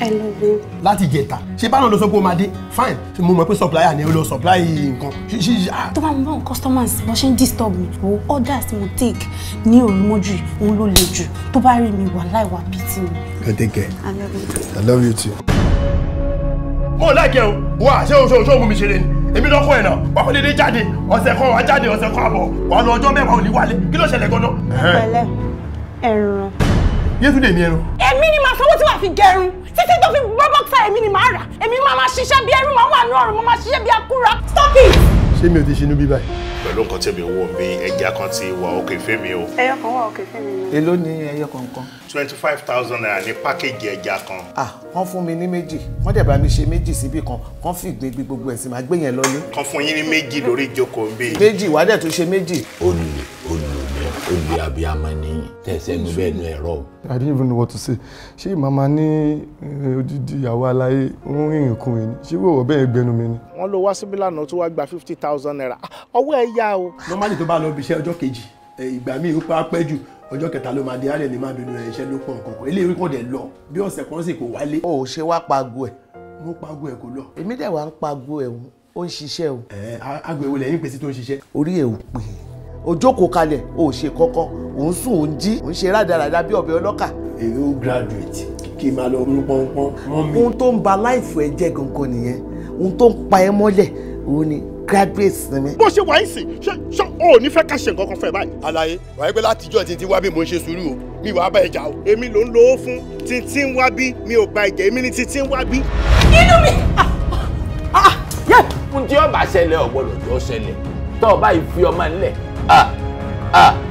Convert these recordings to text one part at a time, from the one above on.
ẹ lọ gbé. láti jẹta ṣé báwo ló sọ pé o máa dé fine mo mọ pé supplier ni o lọ supply nǹkan ṣíṣí. Ah. tó bá mo bá customers bó ṣe ń disturb mi wo orders mo take ní òrùmọ́jú òun ló le jù tó bá rí mi wà láì wà pìtì mi. ẹ take care I love you. I love you too. mo láìkẹ́ o wá ṣé o ṣe o ṣe o mú mi ṣeré ni èmi lọ́kọ́ ẹ̀ náà wà kó dédé jáde ọ̀sẹ̀ kan wà jáde ọ̀sẹ̀ kan àbọ̀ wà lọ ọjọ́ mẹ́wàá ò ní wálé kí ló ṣẹlẹ̀ gan-an. pẹ̀lẹ́ ẹran Yétúndé ní ẹrun. Èmi ni màá sanwó tí màá fi gẹrun. Títí tó fi bọ́ bọ́ksà èmi ni màá rà. Èmi máa ma ṣiṣẹ́ bí ẹrú máa wà ní ọ̀run, máa ma ṣiṣẹ́ bí akúra. Stop it! Ṣé mi ò ti ṣinú bí báyìí? Pẹ̀lú nǹkan tẹ̀mí wo mí, ẹja kan ti wà òkè fẹ́mi o. Ẹyọ kan wa òkè fẹ́mi ni. Èló ni ẹyọ kọ̀ọ̀kan? twenty five thousand naira ní pákéjì ẹja kan. Ah, wọ́n fún mi ní méjì, wọ́n dẹ̀ bá mi ṣe méjì síbì kan, wọ́n fi gbégbé gbogbo ẹ̀sìn máa gbé yẹn lọ́lé. Kan fún yín ní Meji lórí ìjókòó ń meji? Méjì wàá dẹ̀ tún ṣe méjì. Ó obì abiyamọ ni tẹsẹ nu bẹ́ẹ̀ nu ẹ̀rọ. I didn't even know what to say ṣé màmá ní odidi ìyàwó aláyé ń rìn ìkún yìí ṣé wọ́n bẹ́ẹ̀ gbẹnu mi ni. wọ́n lọ wá síbí lánàá tó wá gba fifty thousand naira ah, ọwọ́ ẹ̀ yá o. normally tó bá lọ bí iṣẹ́ ọjọ́ kejì ìgbà míì ó pa pẹ́ jù ọjọ́ kẹta ló máa di alẹ́ ní máa dunú ẹ̀ iṣẹ́ ló pọ̀ nǹkan kan eléyìí kò dẹ̀ lọ bí ọ̀sẹ̀ kan sì kò wálé. o ò ṣe wá pago ẹ. mo pago ẹ kò lọ. èmi dẹ̀ wá ń pago ẹ̀ ó ń ṣiṣẹ́ o. ẹ agbo ewu lẹ́yìn pèsè tó ń ṣiṣẹ́. orí ẹ̀ ò pè é o jókòó o ṣe kankan o ń sùn o ń jí o ń ṣe rádaràda bí ọbẹ̀ ọlọ́kà. èrè ó graduate kí n máa lọ mú pọ́npọ́n. ohun tó ń ba láìfù ẹ gangan nìyẹn ohun tó ń pa ẹ mọ́lẹ̀ òun ni graduate sinmi. bó ṣe wà á sìn ṣe ṣe o ò ní fẹ́ ká ṣe nǹkan fẹ́ báyìí. alaye wà á gbé látijọ́ títí wá bí mo ṣe sùúrù o mi wàá bá ìjà o. èmi ló ń lo owó fún títí wá bí mi ò gba ìjẹ́ èmi ni títí wá bí. inú mi ah, ah, ah, yẹ. ọba ṣẹlẹ̀ ọ̀gbọ́dọ̀ tó ṣẹlẹ̀ tó ọba ìfi ọmọ nílẹ̀ ああ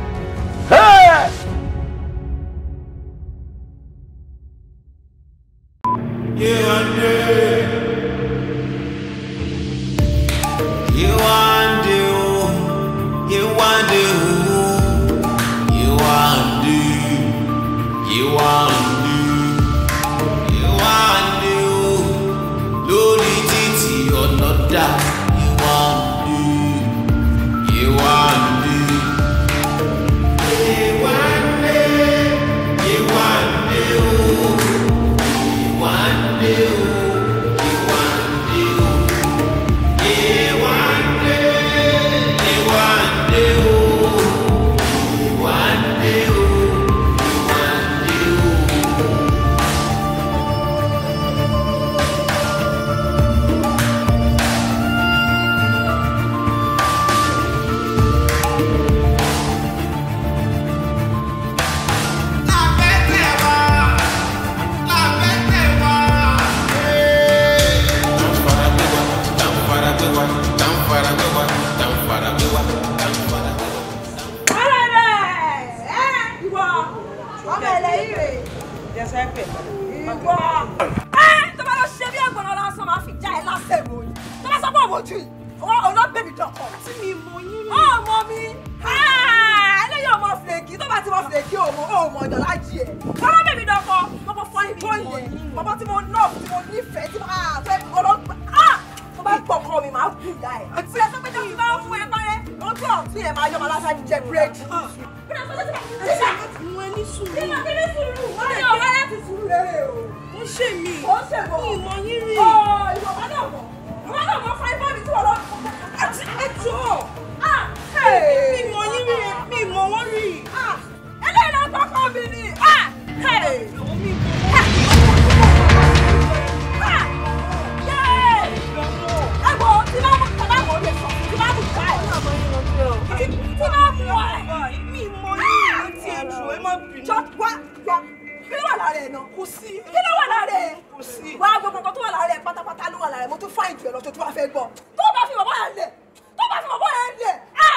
kò sí. kí ló wà lára ẹ. kò sí. wàá gbogbo nǹkan tó wà lára ẹ pátápátá ló wà lára ẹ mo tún fáìn jù ẹ lọ tó tún wàá fẹ́ gbọ́. tó bá fi bàbá yẹn lẹ̀ tó bá fi bàbá yẹn lẹ̀ á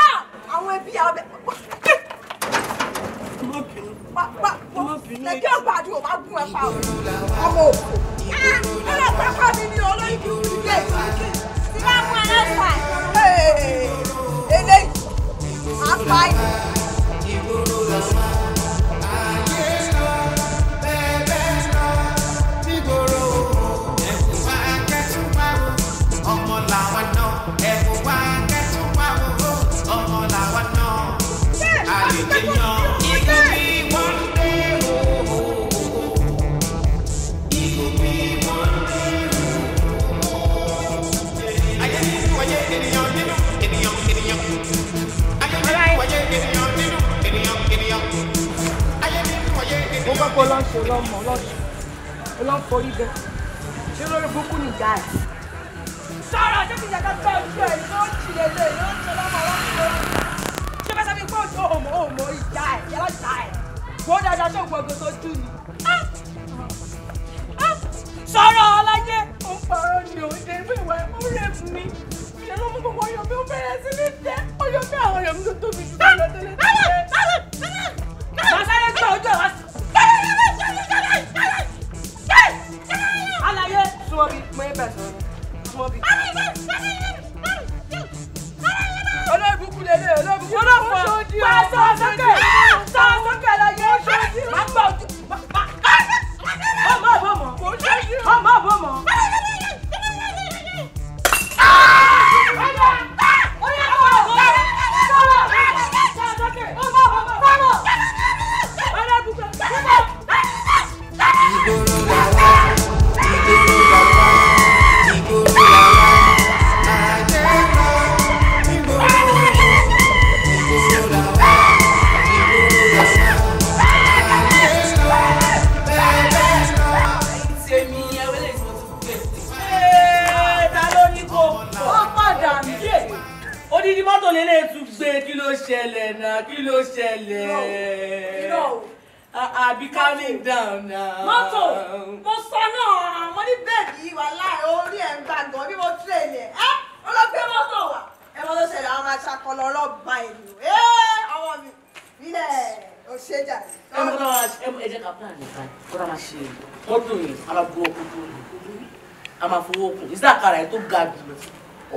á àwọn ẹbí abẹ. má bínú. má má bínú. ẹgbẹ́ ọgbà àdúgbò má gún ẹ pa ọ. ọmọ òkú. ẹ lọ pẹ́ pẹ́ mi ní olóyún kí n ti dé ìsìnkì. sí bá mú ẹ lọ́sàn-án. eléyìí àpá yìí. kó lọ́sùn lọ́mọ lọ́sùn olóńforí bẹ ṣé lórí burúkú nìjà ẹ̀. sọ̀rọ̀ ṣé kìí ṣàkà tó ojú ẹ̀ ló ń ṣì lélẹ̀ ló ń ṣe lọ́mọ lọ́sùn lọ́sùn. ṣé bá sábẹ́ pé òṣò òmò òmò ìjà ẹ̀ yẹ́lá ìjà ẹ̀ wò ó dáadáa ṣé òògùn ọ̀gbọ̀n tó jù ni. Ah! Ah! sọ̀rọ̀ ọláyé ó ń pààrọ̀ ni ò dé ìwé ìwà ó rẹ̀ fún mi ìṣẹ̀lẹ̀ ló gbogbo ọyọ̀ mi ó bẹ̀rẹ̀ sí ní tẹ́ ọyọ̀ mi àwọn ọyọ̀ mi tó tóbi jù lọ tẹ́lẹ̀ bẹ̀sẹ̀ ọmọ bíi. olóòbù kúlẹ̀ lé olóòbù kúlẹ̀ fún ọ pàṣẹ ọ̀sẹ̀ kẹ ṣẹlẹ̀ náà kí ló ṣẹlẹ̀. àbí calming down na. mọ́tò mo sọ náà àwọn ní bẹ́ẹ̀dì wà láì orí ẹ̀ ń gbà bí mo tún èlé ẹ́ ọlọ́gbé mọ́tò wà ẹ mọ́tò ṣẹlẹ̀ àwọn aṣakọlọ ọlọ́ba ìlú ẹ́ ọwọ́ mi nílẹ̀ òṣèjà. ẹ mọ ẹ jẹ́ ká plan nìkan kó náà máa ṣe mọ́tò yìí a máa bu ọkọ̀ tó a máa fowó kù ìsàkàrà ẹ̀ tó ga jù lọ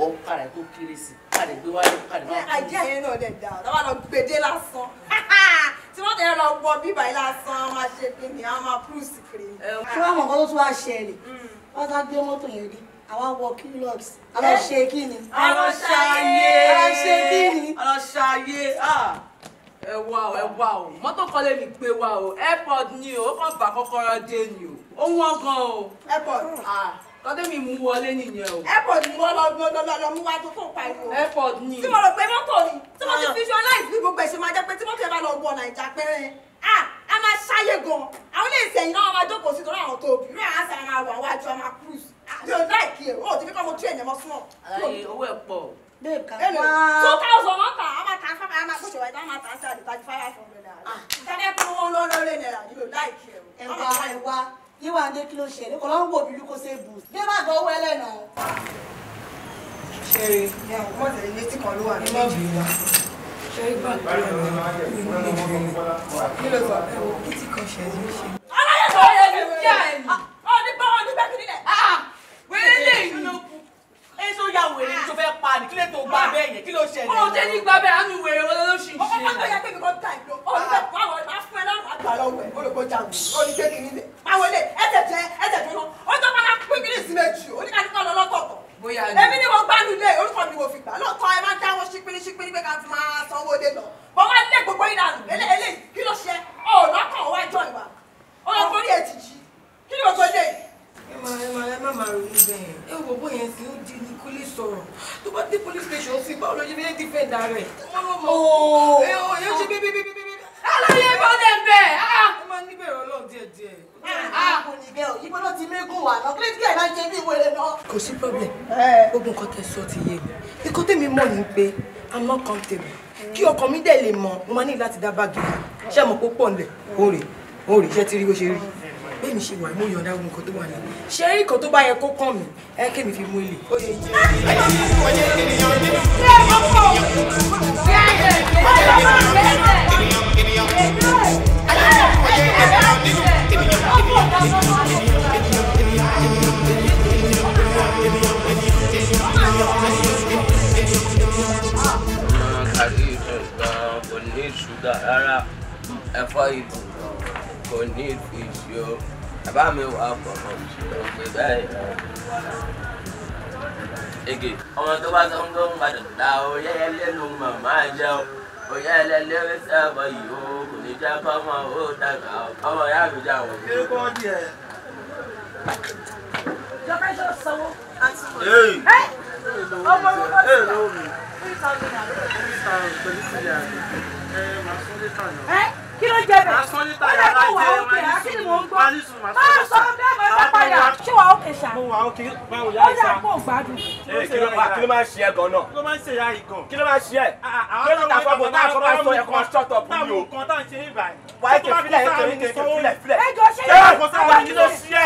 ọ̀kàrà ẹ̀ tó kéré sí i kàdé gbé wáyé kàdé máa kú. àìdí ẹ̀yẹ náà dẹ̀ dà lọ́wọ́ lọ gbèdé lásán tí wọ́n tẹ̀lé lọ wọ bíbá yìí lásán a máa ṣe pé ní a máa cruise kiri. kí wọ́n mọ̀ kó tó tún wá ṣẹlẹ̀ hmm. wọ́n sá gbé mọ́tò yẹn dé àwa wọ kílọ̀s àlọ́ ṣe kí ni. àlọ́ ṣayé àlọ́ ṣe kí ni. àlọ́ ṣayé ẹ wá o ẹ wá o mọ́tò kan lè ní pé wá o airport ni o ó kàn bá kọ́kọ́rọ́ dé ni o ó wọ́n gan o. airport kọ́dé mi mú wọlé nìyẹn o. airport ni mo lọ lọ mú wa tó fún pariwo. airport ni. tí mo rò pé mọ́tò ni tí mo ti visualize bí gbogbo ẹ̀ṣẹ̀ máa jẹ́ pé tí mọ́tò yẹn bá lọ wọ nàìjà pẹ́rẹ́ a a máa ṣáyé gan àwọn ilé ìsẹ̀yìn náà máa jókòó sí torí àwọn tó bí rẹ̀ á sàn máa wà wájú cruise. mi ò láìkí ẹ̀ o ti fi kọ́ mo train ẹ̀ mọ́ súnmọ́. ayé owó ẹ̀ pọ̀. babe ká wá. two thousand one ta a máa ta a máa kó ṣèwà ìta máa ta sí àdìpájú five hundred naira. Ah. ìtàlẹ́ kó wọn lọ́rọ́ yíwá ń dé kí ló ṣẹlẹ̀ kò lọ́n wò mí lú ṣe bù. bí má gbọ́ owó ẹlẹ́nà. ṣeré ní àwọn ọmọ tẹ̀lé létí kan ló wà ní ìlú ìlú ṣeré gbàgbọ́ ẹ̀rọ kí ló sọ ẹ̀rọ kí ti kan ṣẹ̀ ló ṣe. aláyẹ̀kọ́ yẹn ti jẹ́ ẹ̀ ẹ sọ ya wèrè ní tó fẹ́ pa ní kí lè tó gba ah. bẹ́ẹ̀ yẹn kí ló ṣẹlẹ̀. ó ṣe ní gba bẹ́ẹ̀ àmì wèrè wọlé ló ṣì ń ṣe. ọkọ fún mi yà kébì kan tà ìlú ọ̀rọ̀ bẹ́ẹ̀ pa àwọn ọ̀rọ̀ fún ẹ lọ́rùn àgbà lọ́wọ́ ẹ̀ olùkọ́ jà wù ó ní kékeré nílẹ̀. àwọn ilé ẹ̀jẹ̀ jẹ ẹ̀jẹ̀ tó lọ ó tó bá pín kiri sí méjì oníkàdúkọ̀ lọ lọ́kọ̀ọ̀kọ̀. bóyá ni èmi ni mo gbá nílé orúkọ mi mo fi gbà lọ́kọ̀ ẹ máa ń dáwọ́ ṣípínní ṣípínní pé ká fi máa sanwó dé lọ. bọ́ wá lé gbogbo ìlànà eléyìí kí ló ṣe ọ̀rọ̀ kan wájọ ìwà ọ̀rọ̀ kórìí ẹ̀ ti jí kí ló gbọ́ lé yìí má máa ronú bẹ́ẹ̀ ẹ wò bó yẹn sì ó di ní kó lè sọ̀rọ̀ tó bá dé police station sí báwo ló ṣe fi ti fẹ́ da rẹ̀ ọmọ oh. ẹ ò yẹn ṣe bíbí bíbí bíbí. aláyé bá dẹ̀ bẹ̀. ẹ máa ní bẹ̀rẹ̀ ọlọ́run díẹ̀ díẹ̀. kò ah. ah, ní bẹ́ẹ̀ òyìnbó ló ti mẹ́gùn wà lọ kílẹ̀ díẹ̀ máa ṣe bí ìwé rẹ̀ lọ. kò sí problem eh. ogun kan tẹ sọ ti yé mi ikú tèmi mọ̀ ní pé i'm not comfortable kí ọkàn mi dẹ̀ lè mọ̀ mo máa ní láti dá báàgì ṣé mo kó pọ̀ nílẹ̀ òòrè òòrè iṣẹ́ ti rí bó ṣe rí bẹ́ẹ̀ mi ṣe wà mú yọ̀ǹda ogun kan tó wà nílẹ̀ ṣé rí tó bá yẹ kó kàn mí ẹ kí mi fi mú ilé. Máa kárí ìtàn kò ní ìfìsì o bàbá mi wà pọ̀ mọ́ òkè báyìí. Ege ọmọ tó bá sọ́n tó ń padà gba oyè ẹlẹ́nu màmá jẹ́ o. Oyè ẹlẹ́nu lé sẹ́wọ̀ yìí o kò ní jẹ́ kọ́mọ ó dàgbà o. Ọmọ ìyá mi jà wọ̀. Kí ló kọ́ di ẹ̀? ṣe sanwó àti ìwé. Ọmọ orúkọ ti rà. Three thousand naira. Three thousand pẹ̀lú sílẹ̀ àgbẹ̀. Ẹ máa sún lé náà kí ló jẹ bẹ ó lè kó wà ókè àti ni mò ń gbọ́ máa sọ bẹ́ẹ̀ máa bá padà ṣé wà ókè ṣá ó yà kó gbádùn. kí ló máa ṣe ẹ gan náà kí ló máa ṣe ya ìgàn kí ló máa ṣe ẹ ah, ah, kí ló máa fọwọ́ náà fọwọ́ sọ ẹ̀kọ́ ṣọ́tọ̀ bù mí o wàá kẹ filẹ̀ ẹ̀kẹ́ kẹ filẹ̀ filẹ̀ ẹjọ́ ṣe é kí ló wà kí ló ṣe ẹ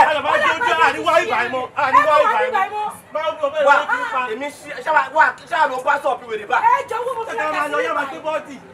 àríwá ìbà ìmọ̀ àríwá ìbà ìmọ̀ wa èmi ṣe ṣáà ló bá sọ̀ọ́ fi wèrè bá. ẹ jọ wọ́n mo fẹ́ kẹ́sì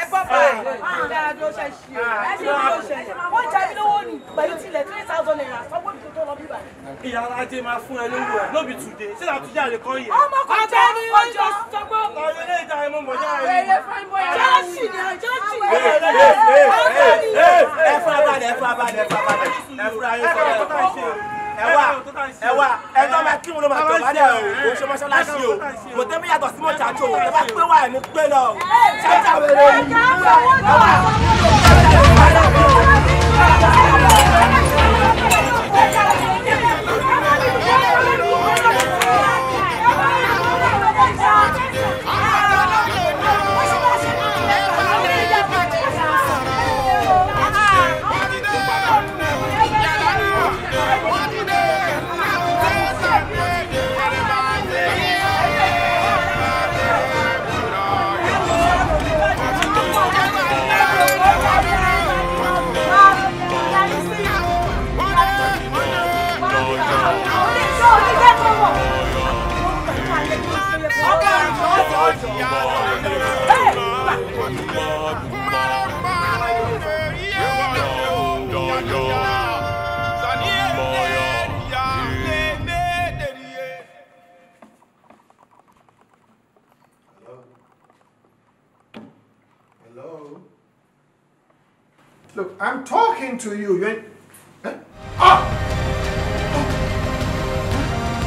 ẹ bọ́ báyìí dáadọ́ ṣe ṣe ẹ ṣe ló ṣe wọ́n jẹ́ mi lówó ni pẹ̀lú tilẹ̀ three thousand naira sanwó mi tó lọ bíbá. ìyá ajé máa fún ẹ lówó ẹ lóbi tùdé ṣé làá tún jáde kọ́ yẹ. ọmọ kan jẹ́ ní ọjọ́ sọ́gbó. ọ̀rọ̀ ilé ìjà ẹ̀ mú mọ̀ já ẹ̀ rí. jọ́ọ̀ṣì ni jọ́ọ̀ṣì ni. ẹ fún abalẹ̀ ẹ fún abalẹ̀ ẹ fún abalẹ̀ ẹ fún abalẹ̀ ẹ fún abalẹ̀ ẹwà ẹwà ẹjọ́ máa kí wọn ló máa tọ̀ wálé o kò ṣe mọ́ṣáláṣí o kò tẹ́ mi yàtọ̀ sí mọ́ṣáláṣí o ẹ bá pé wà ní pé lọ ṣáṣà wẹ̀rẹ̀ yìí ẹwà ẹwà. I'm talking to you. You ain't. Huh? Eh? Ah!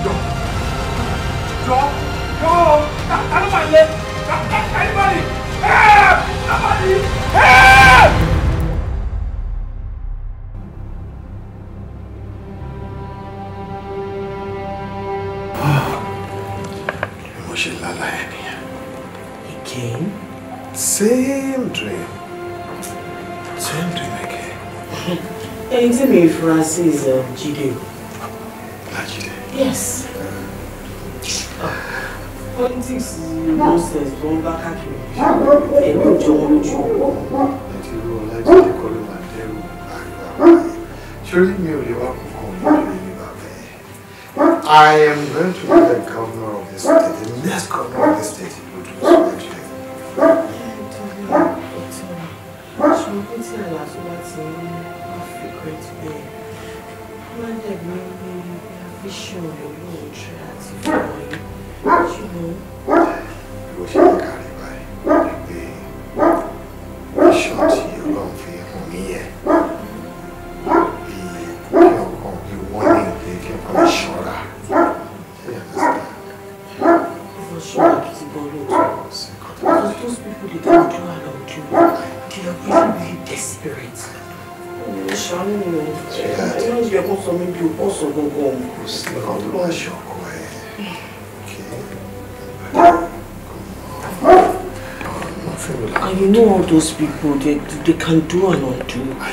Oh. Dog. Dog. Dog. Out of my leg. Anybody. Help! Somebody. Help! He came. Same dream. ẹni tí mi fura sí is Jide yes. politics nonsense am going to be the governor of this state the next governor of this state in Odu Sọ́wọ́dì. wọ́n dẹ̀ mí pé àfihàn àti fún ọ̀yọ́ ṣùgbọ́n. ìwọ ṣe é kárí. those people, they, they can do and undo. I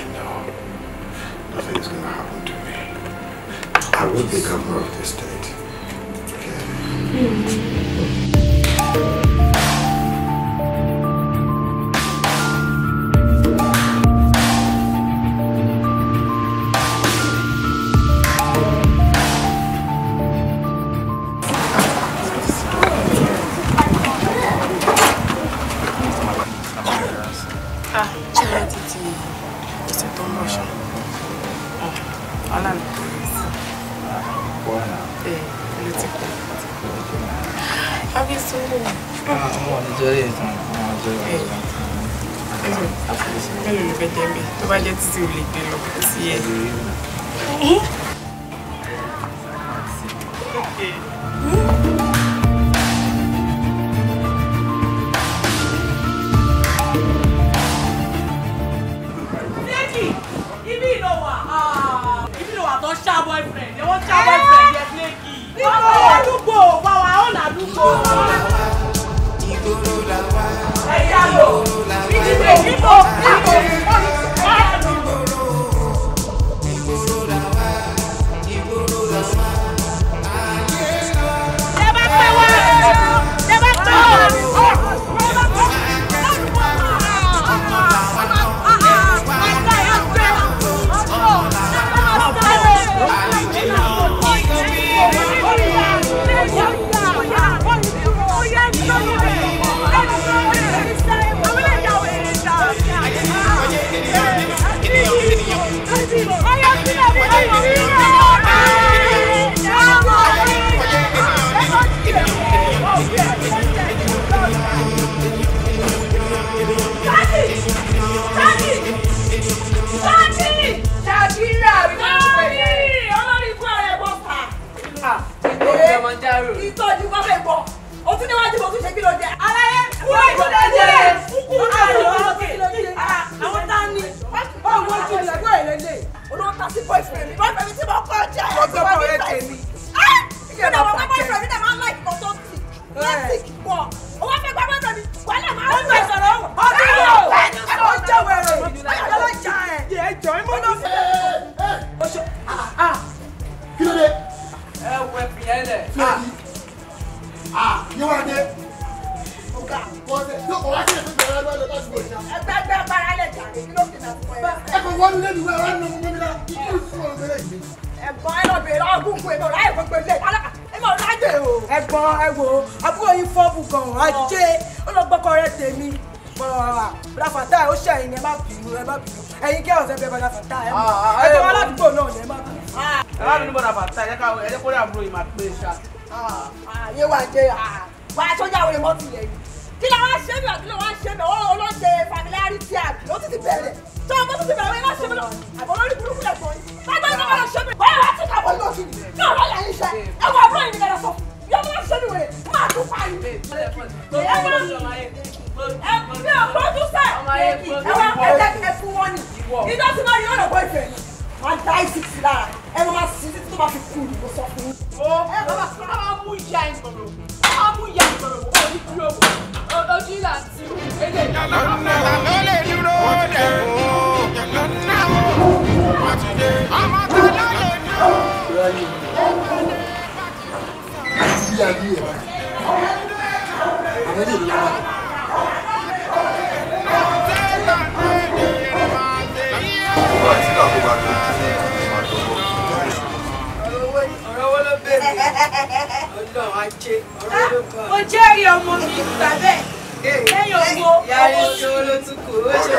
mo jẹ́rìí ọmọ mi gbà bẹ́ẹ̀ lẹ́yìn ogbó ọmọ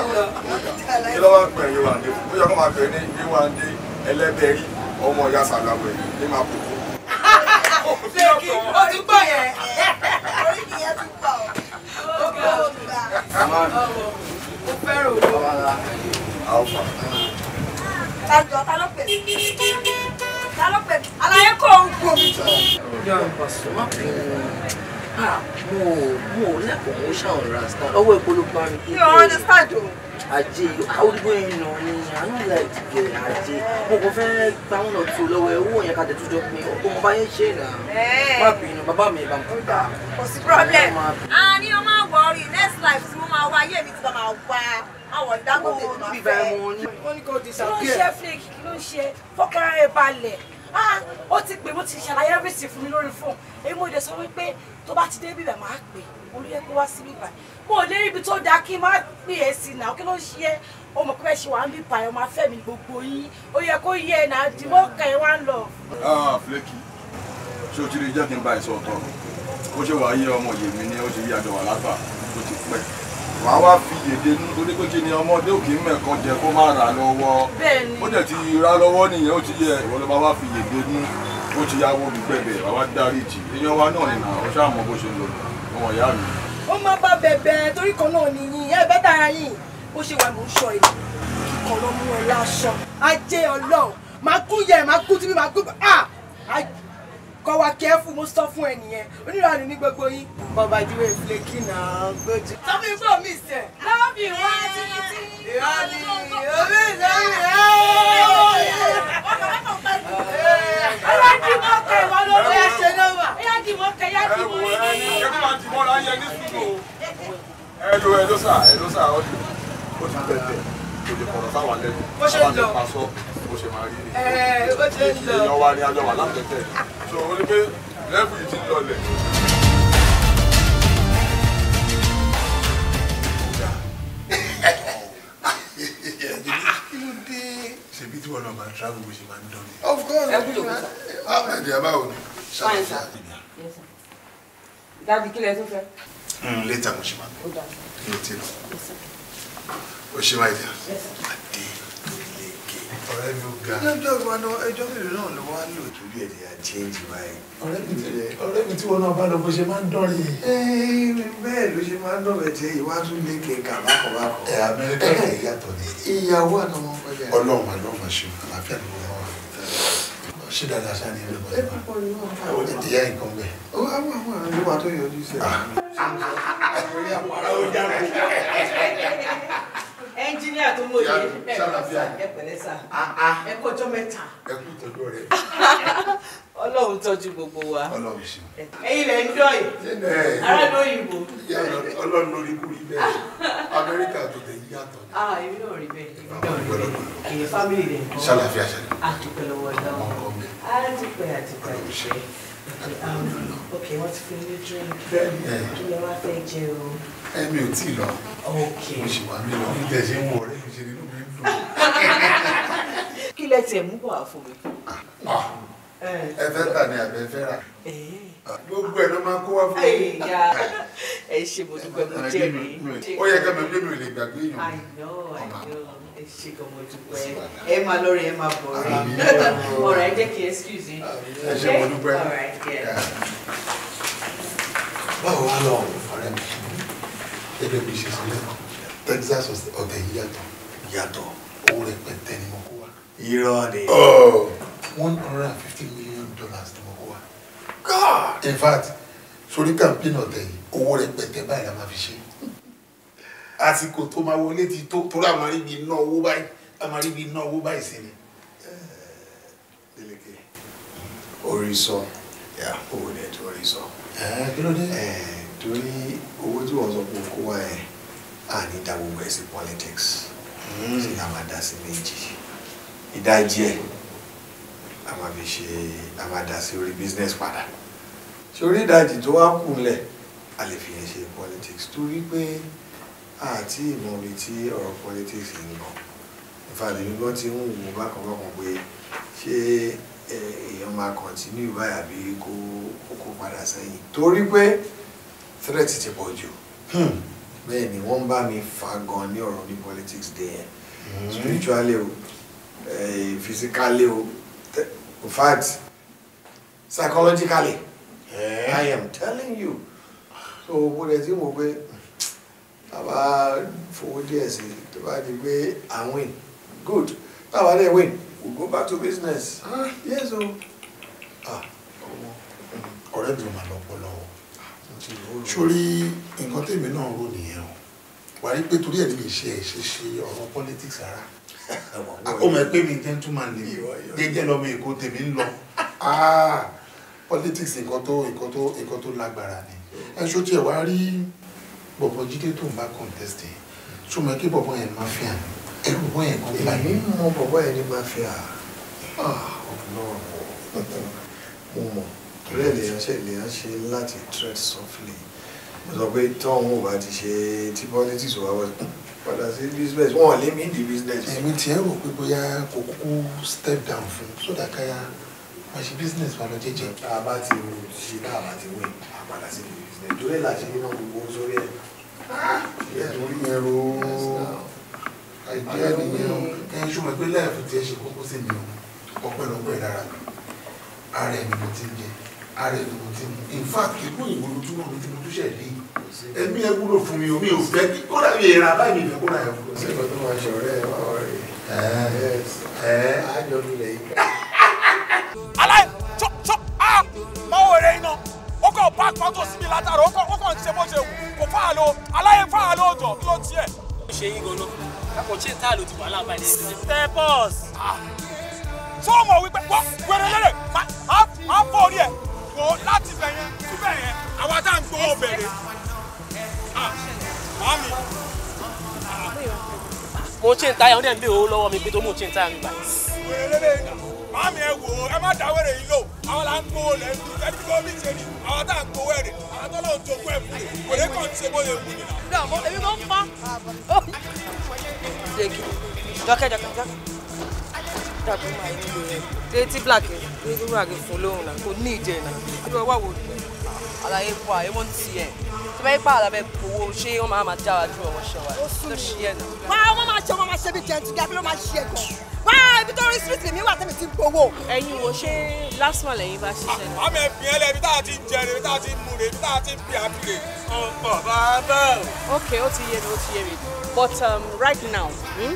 mi. kí ló máa ń pè é yíwá ní ó yẹ kó máa pè é ní yíwá ní ẹlẹ́bẹ̀rí ọmọ ìyá sàlámẹ̀ ní máa kókó. fèkì ó ti pọ̀ yẹn. orí mi yẹn ti pọ̀ oh, ó gbà ó gbà. ó fẹ́ràn òun. ta ló pè é ta ló pè àlàyé kò ń kú. yọ ìbàsùn má pè é mo mo lẹ́kọ̀ọ́ mo ṣàwọn rasta ọwọ́ epo ló parí. you understand o. ajé olùgbò ìnà ni àánú láì ti jẹ ajé mo kò fẹ́ gba wọn lọ tó lọ́wọ́ ẹ̀ owó yẹn ká tẹ̀tú jọ pé ọkọ mo bá yẹn ṣe nà má bínú bàbá mi bá mi. kò sí problem. a ní o máa wọ orí next life tí mo máa wá ayé I ti I máa wá àwọn Dangote máa fẹ́. ó ní kò disappear. kí ló ń ṣe flick kí ló ń ṣe fọ́kàrà ẹ̀ balẹ̀ ah ó ti pè mo ti ṣàlàyé everything fún mi lórí fóònù èyí mo dẹ̀ sọ wípé tó bá ti dé bíbẹ̀ máa pè olóyè kó wá sí bíbà mo ò lérí ibi tó dáa kí n má pè é sí náà kí ló ń ṣe é o mọ̀ pé bẹ́ẹ̀ ṣe wà ń bí pa ẹ̀ ọmọ afẹ́ mi gbogbo yín ó yẹ kó yẹ ẹ̀ náà dìbò kẹ́ ẹ̀ wá ń lọ. ah flaky ṣé o ti rí jẹ́ kí n bá ẹ sọ ọ̀tọ̀ bó ṣe wàá yé ọmọ yèmí ni ó ṣe yí àjọwà lágbà ó ti pẹ́ wàá wá fi yèdè nú torí pé kí ni ọmọdé ò kí ń jẹ kó má rà lọ́wọ́ ó dẹ̀ ti ra lọ́wọ́ nìyẹn ó ti yẹ ìwọ ló máa wá fi yèdè nú ó ti yáwó olùgbẹ̀bẹ̀ àwa dáríjì èèyàn wa náà nìyà ó ṣáà mọ bó ṣe lò ọmọ ìyá mi. ó má bá bẹ̀bẹ̀ torí kan náà nìyí ẹ bẹ́ tara yìí bó ṣe wà ló ń sọ èlò kíkan ló ẹ láṣọ ajé ọlọ́ọ̀ máa kú yẹ máa kú tí mi máa kú ah kọ́ wa kẹ́fù mo sọ fún ẹ nìyẹn oníranù ní gbogbo yín. bàbá ìdíwé fúlẹ́kì náà gbójú. sọ fún ibò mi lọ́ọ̀bì wá títí. ìrọ̀lì omi ìlọrin ẹ̀ ẹ́. ọkọ̀ ọkọ̀ pẹ̀lú. ọlá kí wọ́n kẹ́ ìwọ lórí ẹ̀ ṣe lọ́wọ́. ẹ̀yà kí wọ́n kẹ́ yá kí wọ́n rí. ẹ kí máa ti mọ́ra yẹ ní sùúrù. ẹ lo ẹ ló sà ẹ ló sà ọ́ bó ṣe máa rí ni eh, eh, èèyàn wa ni a wà látẹ̀tẹ̀ so ó ní pé lẹ́bù yìí ti ń lọlẹ̀. ṣèbí tí wọn náà máa travel bó ṣe máa ń dán ni. of course ẹ kúlò kúta. ọ̀pẹ̀ ìdí abáwo ni. fine sir. dadi kílẹ̀ tó fẹ́. Hmm, later mo ṣe máa. ó ṣe máa yẹ ọ̀rẹ́ mi ò ga. lọ́jọ́ ìwáná ẹjọ́ mélòó náà ló wá lò torí ẹ̀ ní àjẹjì báyìí. ọ̀rẹ́ mi ti rẹ̀ ọ̀rẹ́ mi tí wọn náà bá lọ bó ṣe máa ń dán rè eh, bẹ́ẹ̀ ló ṣe máa ń dán bẹ̀tẹ̀ ìwá tún lé kẹ̀kà bákọ̀bákọ̀. ẹ amẹ́ríkà kẹ̀ yàtọ̀ ni. ìyàwó àná wọn kọjá. ọlọ́run àlọ́ máa ṣe àlàáfíà ló wà wá. ṣé dáadáa sá ni ẹ lọ́wọ́ ẹ ìyá nǹkan bẹ̀. ó wá wà wà ló wà tó yọjú sí ẹ. Ah ẹnjìníà tó mọ̀ yìí ẹ pẹ̀lẹ́ ẹ pẹ̀lẹ́ sà ah, ah. ẹ kọjọ́ mẹ́ta. ẹ kú tọ́jú rẹ. ọlọ́run tọ́jú gbogbo wa. ọlọ́run ṣe. ẹ̀yin lẹ ń jọ yìí aráàlú òyìnbó. ọlọ́run lórí ikú rí bẹ́ẹ̀ amẹ́ríkà tó tẹ̀ yí yàtọ̀. Ah, èmi náà rí bẹ́ẹ̀ èmi náà rí bẹ́ẹ̀ èyí fámìlì rẹ̀ ń kọ́. ṣàlàfíà ṣàlàfíà. àtúpẹ́ lọ́wọ́ dáhùn. àtúpẹ́ ok wọ́n ti fún yín drink kí lè wá fẹ́ jẹ o. ẹ mi ò tí ì lọ mo sì wà mí lọ bí tẹ ṣe ń wọ ọ̀rẹ́ mi ṣe nínú mi ń dùn. kí lẹ tiẹ̀ mú bọ̀ wá fún mi. Ah. ẹ fẹ́ tà ní abẹ́ fẹ́ rà ah, gbogbo ẹ ló máa kó wá fún mi. ẹ ṣe mo dúpẹ́ mo jẹ́rìí. ó yẹ ká mi gbé mi ò lè gbàgbé yàn ẹ ṣe gan mo máa lọ́rẹ̀ ẹ máa bọ̀ rẹ̀ ọ̀rọ̀ ẹ jẹ́ kí excuse me. ẹ ṣe mo dúpẹ́ báwo wá lọ ọ̀rẹ́ mi gẹ́gẹ́ bí ṣe sọ Texas ọ̀tẹ̀ yíyàtọ̀ yàtọ̀ owó rẹpẹtẹ ni mo kó wa. irọ́ ni. one hundred and fifty million dollars ni mo kó wa. God in fact sórí campaign ọ̀tẹ̀ yìí owó rẹpẹtẹ báyìí la máa fi ṣe àsìkò tó máa wọlé ti tó torí àwọn aríbi ná owó báyìí àwọn aríbi ná owó báyìí sí ni. Eh, orí sọ owó rẹ tó rí sọ eh, eh, torí owó tí wọ́n sọ pé kó wá ẹ̀ á ní dá gbogbo ẹ̀ sí politics sí hmm. ká máa dá sí méjì ìdajì ẹ̀ a máa fi ṣe a máa dá sí orí business padà sórí ìdajì tó wá kù a lè fi yẹn ṣe politics torí pé àti ìmọ̀bi tí ọ̀rọ̀ politics ń lọ ìfàdébígbọ́ ti ń wò bákan bákan pé ṣé èèyàn máa kọ̀ntínú báyà bí kó kó padà sẹ́yìn torí pé threat ti pọ̀ jù hmm. bẹ́ẹ̀ ni wọ́n bá mi fà gan ní ọ̀rọ̀ ní politics dé yẹn hmm. spiritually o physically o in fact psychologically yeah. I am telling you so bó dẹ̀ tí mo pé àwa fowó díẹ̀ sí tó bá di pé à win good táwa dẹ̀ win we go back to business ah, yes o ah, ọ̀rẹ́ mi ò mà lọ́pọ̀lọpọ̀ sórí nǹkan tèmi náà rò nìyẹn o wà á rí pé torí ẹ̀ ní mi ṣe ṣe ṣe ọ̀rọ̀ politics rárá ó mọ̀ pé mi gentleman ni jẹ́jẹ́ lọ́mọ èkó tèmi ń lọ ah, politics nǹkan tó nǹkan tó nǹkan tó lágbára ni ẹ ṣó tiẹ̀ wá rí bọ̀bọ̀ jíde tó ń bá contest yìí túmọ̀ kí bọ̀bọ̀ yẹn máa fi hàn ẹ̀rù bọ̀bọ̀ yẹn kan bá yẹn. èmi mọ bọ̀bọ̀ yẹn ní máa ah, fi hàn ọlọ́run mo mọ̀ torí ẹ̀ lèèyàn ṣe lèèyàn ṣe láti tread softly mo sọ pé tọ́hún ò bá ti ṣe tí politics wà wọ́n padà sí business wọn ò lé mi ní business. èmi tiẹ̀ rò pé bóyá kò kúkú step down fún sódà káyà wọ́n ṣe business wa lọ jẹ́jẹ́. tá a bá ti ṣe tá a ti win a sí ibi nítorí láti nínú gbogbo sórí ẹ̀ nítorí yẹn ro àìjẹ́ nìyẹn o ẹ̀yin ṣùgbọ́n pé láìfù tí ẹ ṣe kókó sí mi o ọpẹ́lọpẹ́ lára mi ara ẹni mo ti ń jẹ ara ẹni mo ti ń mu in fact ìlú òyìnbó ló túmọ̀ mi tí mo túṣẹ̀ dé ẹbí ẹ wúlò fún mi o mi ò fẹ́ kí kódà mi èèrà báyìí mi fẹ́ kódà ẹ wúlò. ṣé ìgbà tó máa ṣe ọ̀rẹ́ ẹ wá ọ̀rẹ́ ẹ ẹ àjọ nílẹ̀ yìí. aláì chop chop ah máa wọ̀rẹ́ iná ó kọ́ bá pàtó sí ṣé n ta ti wà lábàá stepos. sọ mọ wípé wọ wẹrẹ lẹrẹ má fọ orí ẹ wọ láti bẹ yẹn síbẹ̀ yẹn àwa ń gbowó bẹ̀rẹ̀. mami. mo ṣe ń táyà ó dẹ̀ ń bèèrè owó lọ́wọ́ mi pé tó ṣe ń táyà mi báyìí. wẹrẹ ẹ wò ó ẹ má dá wẹrẹ yìí lò àwọn là ń gbowó lẹ ń dùn ẹni kò bí ṣe ni àwọn tá ń gbowó ẹ rè ń jogún ẹ fún mi kò lè kàn ṣe bóyá ewu nìyà. ìdààmú dẹ́gi dọ́kẹ́ dọ́kẹ́ dọ́kẹ́ dàbí máa yẹ nílò rẹ̀ tẹ́tí black ẹ̀ tẹ́tí black ẹ̀ fún lóhùn náà kò ní ìjẹ́ náà kí wọ́n wá wò ó dùn. àlàyé kọ àyè wọn ti yẹ tí wọn pa àlàbẹ kówó ṣé wọn máa máa dára ju ọwọ́ ṣe wa tó ṣe yẹ nù. wá wọn máa ṣe wọn máa ṣe bí jẹun tìjà bí ló máa ṣe ẹgbọn wá ibi tó rí street lèmi wà tẹ́mi ti ń gbowó. ẹ̀yin wo ṣé last month lẹ́yìn bá ṣiṣẹ́ náà. àmì ẹ̀fìn ẹlẹ́ ibi tá a ti ń jẹ rè ibi tá a ti ń mu rè ibi tá a ti ń bì àbí rè. ọ̀pọ̀ bàbá. ok ó ti yé mi ó ti yé mi but um, right now hmm,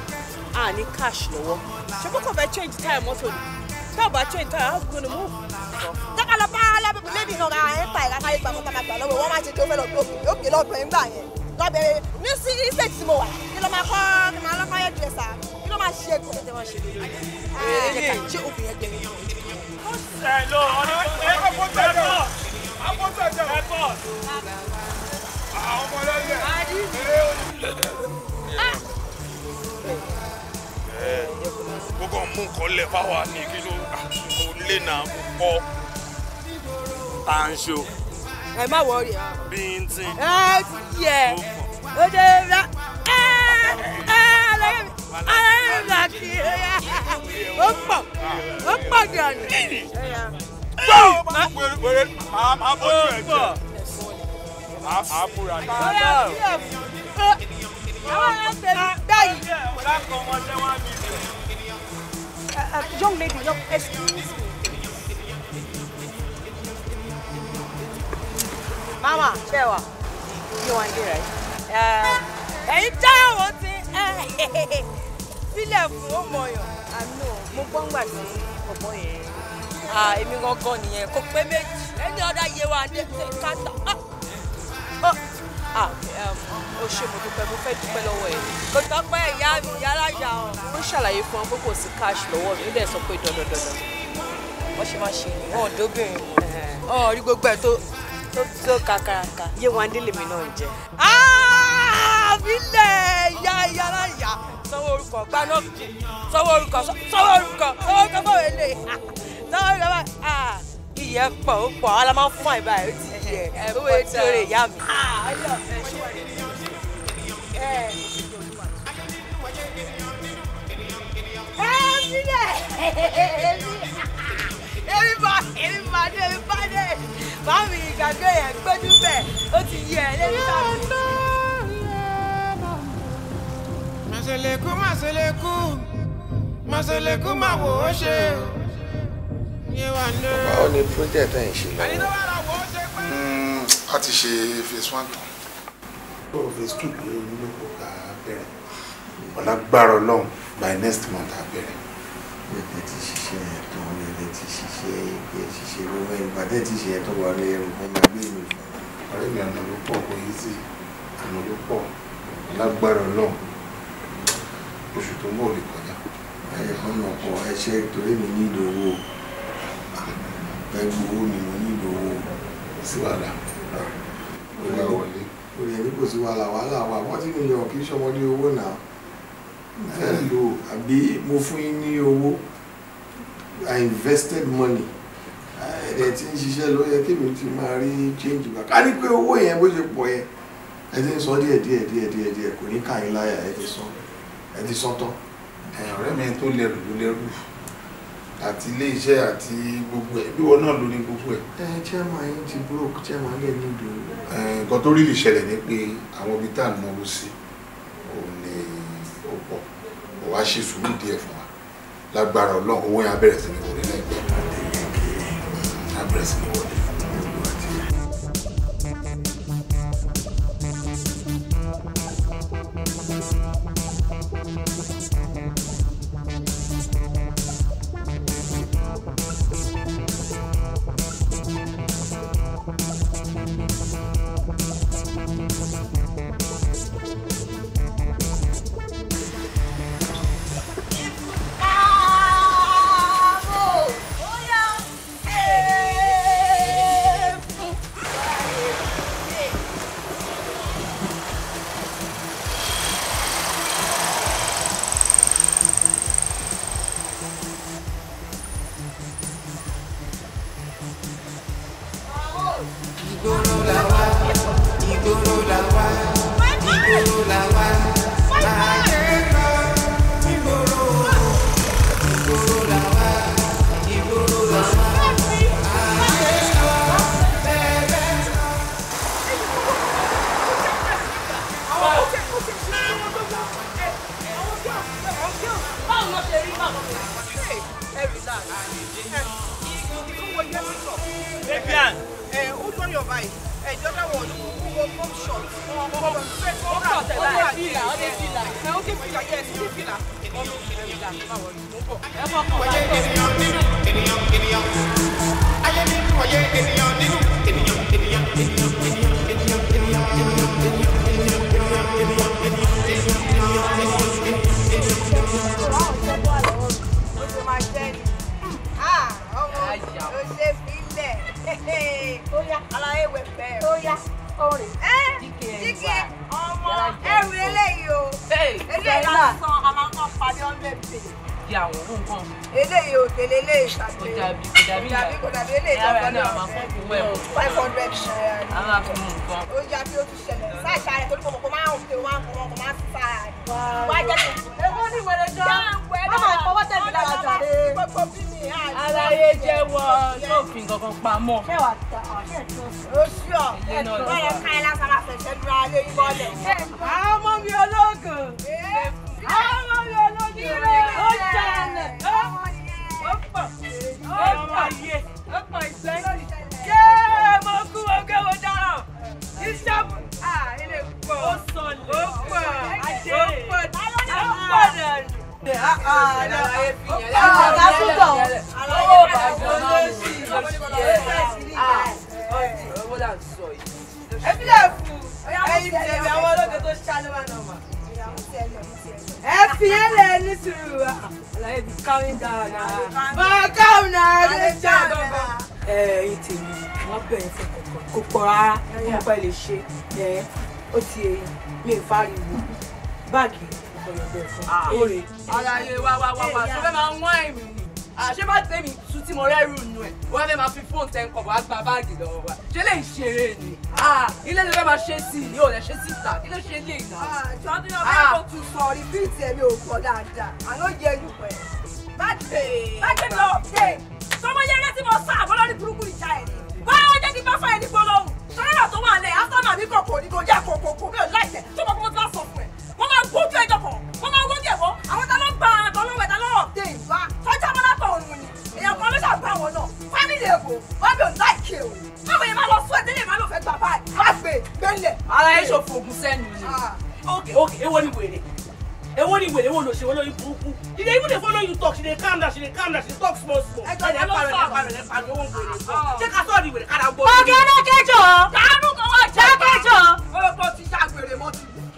a ní cash lọ́wọ́ ṣé kókò fẹ́ change time, mọ́tò ni tá a bá change time? how we go move. tọ́kàlọ́ bá alábẹ́bí lébì náà ra ẹ̀ka ìra káyé gbàgbọ́ ká máa gbà lọ́wọ́ wọ́n máa ṣe tó fẹ́ lọ tó yóò gbé lọ́gbẹ̀ẹ́ ńgbà yẹn lọ́bẹ̀rẹ̀ ní sí estate tí mo wà kí ló máa kọ́ kí máa lọ́kọ́ yẹn dùn ẹ̀sà kí ló máa ṣe é gbọ́dọ̀ tẹ́ wọ́n ṣe lórí. Eh, eh, ah, eh. ṣé obìnrin ẹgbẹ́ mi yàn wọ́n ti. ẹ lọ ọ̀rẹ́ ẹ̀kọ́ fọ́tò ẹ̀jẹ̀ gbogbo mú nǹkan lẹ fáwa ní kí ló kò lè nà kọ tá à ṣe o. ẹ má wọrí a. bíntín. ẹ ti yẹ o de ra ẹ ẹ alẹ́ alẹ́ mi là kí ẹ ó pọ̀ ó pọ̀ dànù. gbọ́ máa bójú ẹ̀ jẹ́ àmúra ní. ọ̀rẹ́ àbúrò àwọn aláṣẹ báyìí. lákọ̀ọ́mọdé wá mi. young lady young excuse me. mama ṣe wa you wan dey right. ẹ̀yin táyàwó ti bílẹ̀ fún ọmọọyàn àná mo gbọ́ngbà sí ọ̀pọ̀ yẹn. èmi gangan nìyẹn kò pé méjì ẹni yewa yé wa ní kátà o ṣe mo dúpẹ́ mo fẹ́ dúpẹ́ lọ́wọ́ ẹ̀ kò tọ́pẹ́ ìyá mi yàrá yà ọ́ mo ṣàlàyé fún ọ pé kò sí cash lọ́wọ́ mi ó dẹ̀ sọ pé dandandandan wọ́n ṣe máa ṣe wọn ò dóbìnrin wọn ò rí gbogbo ẹ̀ tó tó kàkàràkà yé wọn adé lèmi náà jẹ. àbílẹ̀ ìyá yàrá yà sanwó orúkọ gbaná sanwó orúkọ sanwó orúkọ sanwó orúkọ sanwó orúkọ sanwó orúkọ ìyẹn pọ̀ ó pọ̀ á la máa ń fún àìbá ẹ̀ ó ti yẹ ó wẹ̀ tí o lè yá mi. èmi dẹ̀ èmi èmi bá èmi bá dé èmi bá dé bámi ìgbàgbé yẹn gbójú bẹ́ẹ̀ ó ti yẹ ẹ̀ lẹ́nu táwọn. màṣẹ̀lẹ̀kú màṣẹ̀lẹ̀kú màṣẹ̀lẹ̀kú màwò ó ṣe báwo ni project ẹ̀ ń ṣe lọ́wọ́. Hmm, a ti ṣe phase one tán. ó phase two pé olólùkọ ká bẹ̀rẹ̀ ọ̀làgbára ọlọ́run by next month á bẹ̀rẹ̀. bẹ́ẹ̀ ti ṣiṣẹ́ ẹ̀ tó ń lé ti ṣiṣẹ́ ìgbẹ́ ṣiṣẹ́ lọ́wọ́ ìbàdàn ti ṣe ẹ̀ tó wà lé ẹrù ọmọ gbé mi. ọ̀rẹ́ mi àná ló pọ̀ kò yí sí àná ló pọ̀ ọ̀làgbára ọlọ́run oṣù tó ń bọ̀ lè kọjá. ẹ̀yẹ̀ kan náà pọ̀ ẹ̀ṣẹ́ torí mi ní ìdòwò fẹ́ gbowó mi mo ní owó sí wàhálà ìgbà ẹni kò sí wàhálà wàhálà wa wọ́n ti nìyàn kì í ṣọmọdé owó náà fẹ́ lò àbí mo fún yín ní owó I invested money ẹ ti ń ṣiṣẹ́ ló yẹ kí mi ti máa rí change back a ní pé owó yẹn bó ṣe pọ̀ yẹn ẹ ti ń sọ díẹ̀ díẹ̀ díẹ̀ díẹ̀ díẹ̀ kò ní káyín láyà ẹ ti sọ ẹ ti sọ tán. ọ̀rẹ́ mi tó lẹ́rù ló lẹ́rù àti ilé iṣẹ́ àti gbogbo ẹ̀ bí wọn náà ló ní gbogbo ẹ̀. ẹ chairman yín ti broke chairman lè ní ìdòwò. nǹkan tó rí lè ṣẹlẹ̀ ni pé àwọn ibi tá à ń náwó sí òun ni ó pọ̀ kò wá ṣe sùúrù díẹ̀ fún wa lágbára ọlọ́run owó yẹn abẹ́rẹ́ sí ni wọlé lẹ́gbẹ̀ẹ́ abẹ́rẹ́ sí ni wọlé. mọ̀. ṣé wàá ta ọ̀ṣẹ́ tó sùn. oṣù ọ̀ ẹ̀dùn ẹ̀ ká ẹ lásán láti ṣẹ̀ṣẹ̀ dúró alẹ́ yín bọ́lẹ̀. àwọn ọmọ mi ológun. àwọn ọmọ mi ológun rẹ̀ ó jẹ̀lẹ̀ ó pọ̀ ó pọ̀ yé ó pọ̀ ìgbẹ́. ṣé mo kú ogé dáhùn? iṣẹ́ mu ó sọ̀lẹ̀ ó pọ̀ ó pọ̀ ó ọ̀gá sútọ̀ owó bàbá olóṣì owó là ń sọ yìí. ẹbí lè fún ẹyin tẹ̀lé àwọn olóde tó ṣáájú wà náà mà. ẹ fi yẹn lẹ ní sùúrù wa. àlàyé ti calm down na. bọ́ calm na ẹ ṣe àgbà. ẹ ẹyin tèmi wọn bẹ̀rẹ̀ fún kọ̀ọ̀kan kò pọ̀ rárá wọn bá lè ṣe ẹ ó ti mi ò fariwo báàgì ọ̀yọ̀dẹ̀ fún orí. ara yẹ wá wá wá wá tó fẹ́ máa wọ́n ẹ̀mí ni àṣé bá tèmi tún tí mo rẹ́rù nù ẹ̀ wọ́n fẹ́ máa fi fóònù tẹ́ ń kọ̀ bọ̀ á gba báàgì lọ́wọ́ wa ṣé lè ṣeré ni ilé ló fẹ́ máa ṣe sí i ò lè ṣe sí ìta kí ló ṣe ní ìta. jọ́dún náà bá tó tún sọ rí bí ìtì ẹ̀mí ò pọ̀ dáadáa àná yẹ ẹnu pẹ̀. bájẹ́ lọ ṣe sọmọ yẹrẹ tí mo sá àbọ̀ lórí burúkú ìjà ẹ̀ báwo jẹ́ kí bá fà ẹ́ ní gbólóhùn sọ́yà tó wà lẹ̀ wọ́n máa gbójú ẹjọ́ kan wọ́n máa wọ́n jẹ̀bọ́ àwọn ta ló gba àtọ́ lọ́wọ́ ẹ̀ta lọ́wọ́ dé ìwá sọ́jà mọ́lá tọ̀ ọ̀run ni èèyàn kan ló ṣàgbà wọn náà fámìlì èkó bábí ò láìkè o báwo yẹn máa lọ sún ẹtẹ́lẹ̀ máa lọ fẹ́ gbà báyìí má gbé gbélé. ara ẹ ṣòfò ògùn sẹ́nu ni ah. ok ok èwo ni wèrè èwo ni wèrè èwo ló ṣe wọ́n lórí burúkú she dey even dey follow you talk she dey calm down she dey calm down she dey talk small small. ẹjọ́ ló sọ ẹjọ́ ló sọ ẹjọ́ ló sọ ṣé ká sọ̀rọ̀ ìwèrè kára gbọ́. ọ̀gá ẹlẹ́kẹ̀jọ́ dáánù kan wọ́n jẹ́ kẹjọ́.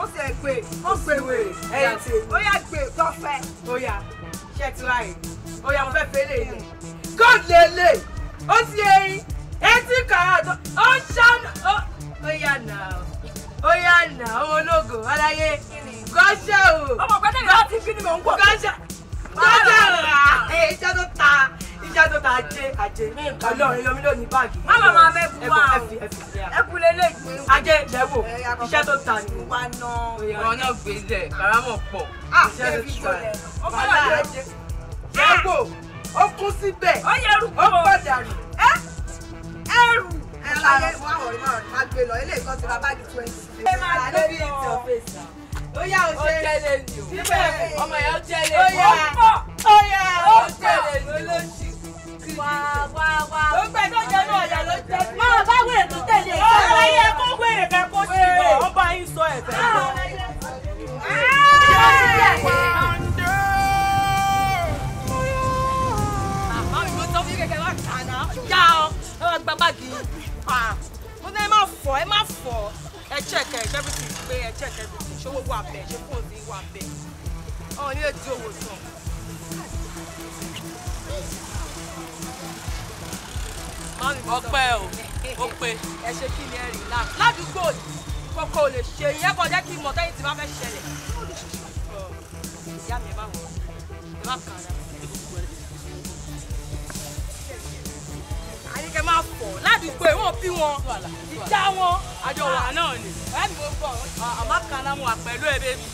ó sì ẹ̀ pé ó pè wèrè ẹ̀yìn tí ó yà gbé tọ́fẹ́ ó yà ṣe ti wáyé ó yà mo fẹ́ fẹ́ lè lè god lè lè ó ti ẹyin etí kàràdọ́ ó ṣáná ó yà nà ó yà nà ọmọ ológo aláyé gọ́ṣẹ́ o ọmọ pẹ́ẹ́tẹ́ mi láti fi ni mò ń pọ̀ gọ́ṣẹ́ gọ́ṣẹ́ rà èyí ṣẹ́ tó ta iṣẹ́ tó ta ajé ajé ọlọ́run yomi ló báàgì. má máa fẹ́ bu wa o ẹkú gbé. ajé lẹ́wọ̀ iṣẹ́ tó ta ni. ọ̀rọ̀ náà gbélé karamọ̀ pọ̀. Ah, iṣẹ́ tó ta ni. wàhálà lẹ́wọ̀ ó ah! kún síbẹ̀ ó pàdánù. Eh? ẹrù ẹ máa gbé lọ ilé ìkọ́sí bàbá di twenty. ẹ máa gbé ìtàn fèsì. ó yà ó jẹ́lẹ̀ ni o. síbẹ̀ ọmọ yẹn ó jẹ́lẹ̀ ni o. ó yà ó jẹ́lẹ̀ ni o lóṣìṣẹ́ wà wà wà. ló ń gbẹ tó jẹ náà ọ̀dà ló jẹ. máa bá wèrè tó tẹ̀lé ìta. ọ̀rọ̀ ayé kó wèrè kan kó sì bọ̀ ọ́ bá yín sọ ẹ̀fẹ̀ lọ. màmá mi ló tọ́ fún kẹ̀kẹ́ wá kà náà yá ọ ẹ wá gba báàgì mo everything pé ẹ everything ṣé owó wà bẹ́ẹ̀ ṣé fóònù wà bẹ́ẹ̀ ọ̀ ní ètò òwò sàn. ọpẹ́ o ó pé. ẹ ṣe kí ni ẹ rí náà ládùúgbò kókó lè ṣe ìyẹn kò jẹ́ kí n mọ̀ tẹ́yìn tí bá fẹ́ ṣẹlẹ̀. ìyá mi ẹ bá wọ̀ ẹ bá kàn án. àníkẹ́ máa pọ̀ ládùúgbò ìwọ̀n bí wọn ìjà wọn àjọ wà ah, náà ni. ẹ ní mo bọ̀ àmọ́ kan náà mo wà pẹ̀lú ẹ bébí.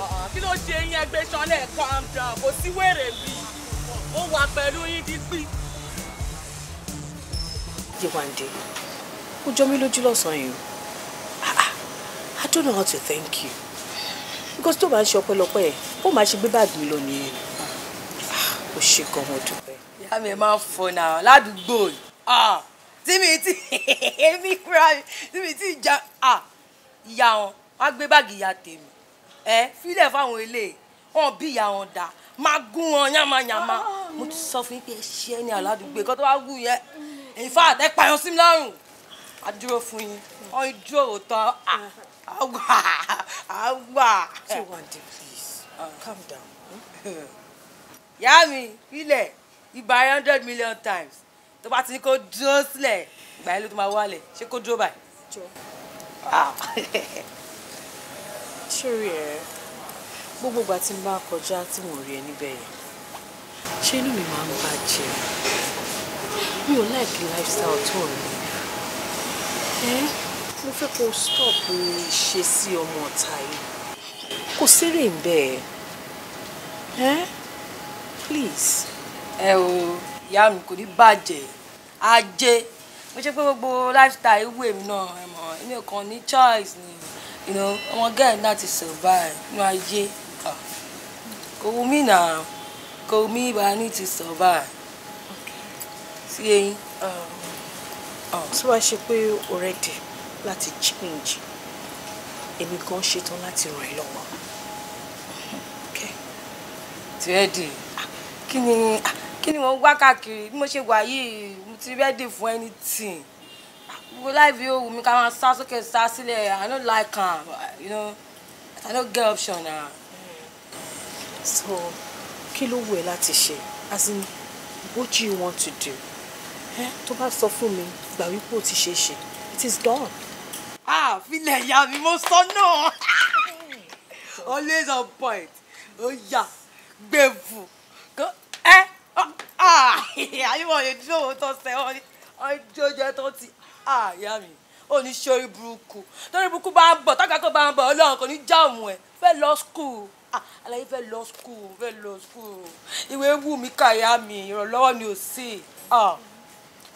Ah, ah, kí ló ṣe yín ẹgbẹ́ sanlẹ̀ calm down kò sí wèrè bí mo wà pẹ̀lú yín dípì. Yewande, ó jọ mí lójú lọ́sàn-án ah, ah, I don't know how to thank you because tó bá ń ṣe ọpẹ́lọpẹ́ ẹ̀ ó máa ṣe gbé báàgì mi lọ nìyẹn ah, ó ṣe gan mo dúpẹ́. ìyá mi máa ń fọnà ládùúgbò tí mi ti èmi fúnra mi tí mi ti ja ìyá wọn wọn á gbé báàgì ìyá tèmi ẹ fílẹ̀ fáwọn eléyìí wọn bí ìyá wọn dáa máa gún wọn yàmàyàmà mo ti sọ fún yín pé ẹ ṣe é ní aládùúgbò kó tó wá gún yẹn in fact ẹ pààyàn sí mi lọ́rùn a dúró fún yín ọ ijó òótọ́ àgbà àgbà. tiwande please calm down. ìyá mi ilẹ̀ ibà one hundred million times tó bá ti ní kó dúró sílẹ̀ ìgbà yẹn ló tó máa wálẹ̀ ṣé kó dúró báyìí. Ah. sórí ẹ gbogbo ìgbà tí n bá kọjá tí mo rí ẹ níbẹ̀ yẹn ṣé inú mi máa ń bàjẹ́ mi ò like lifestyle tó rẹ̀ eh? mo fẹ́ kó stop ìṣesí ọmọ ọ̀tá yìí kò sérè ń bẹ́ẹ̀ eh? please. ẹ o ìyá mi kò ní bàjẹ́ ajé mo ṣe pé gbogbo lifestyle ìwé mi náà ẹ mọ̀ èmi ò ní choice ni you know ọmọ girl náà ti survive nínú ayé ah. kò wù mí náà kò wù mí ibà ní ti survive sí eyín um, oh, tí wàá ṣe pé o rẹ́dì láti change èmi gan ṣetán láti ràn ẹ́ lọ́wọ́ ti rẹ́dì ah, kí ni ah, kí ni mo ń wá káàkiri bí mo ṣe wà yìí mo ti rẹ́dì fún anything ah, gbogbo láìpẹ́ yóò wù mí ká máa sá sókè sá sílẹ̀ i no like am you know i no get option na. so kí ló wù ẹ́ láti ṣe as in what do you want to do tó bá sọ fún mi gbà wípé ó ti ṣe ṣe it is done. àfilẹ̀ ìyá mi mo sọ náà always on point ó yà gbẹ̀bù ẹ àyẹ̀wò ìdúró tó ṣe ọjọ́ jẹ́ tó ti àyà mi ó ní sori burúkú torí burúkú bá ń bọ̀ tágbà kó bá ń bọ̀ ọlọ́run kò ní jáàmù ẹ̀ fẹ́ lọ skul aláyé fẹ́ lọ skul fẹ́ lọ skul ìwé wù mí kàyà mi ìrànlọ́wọ́ ni ò sí. Ah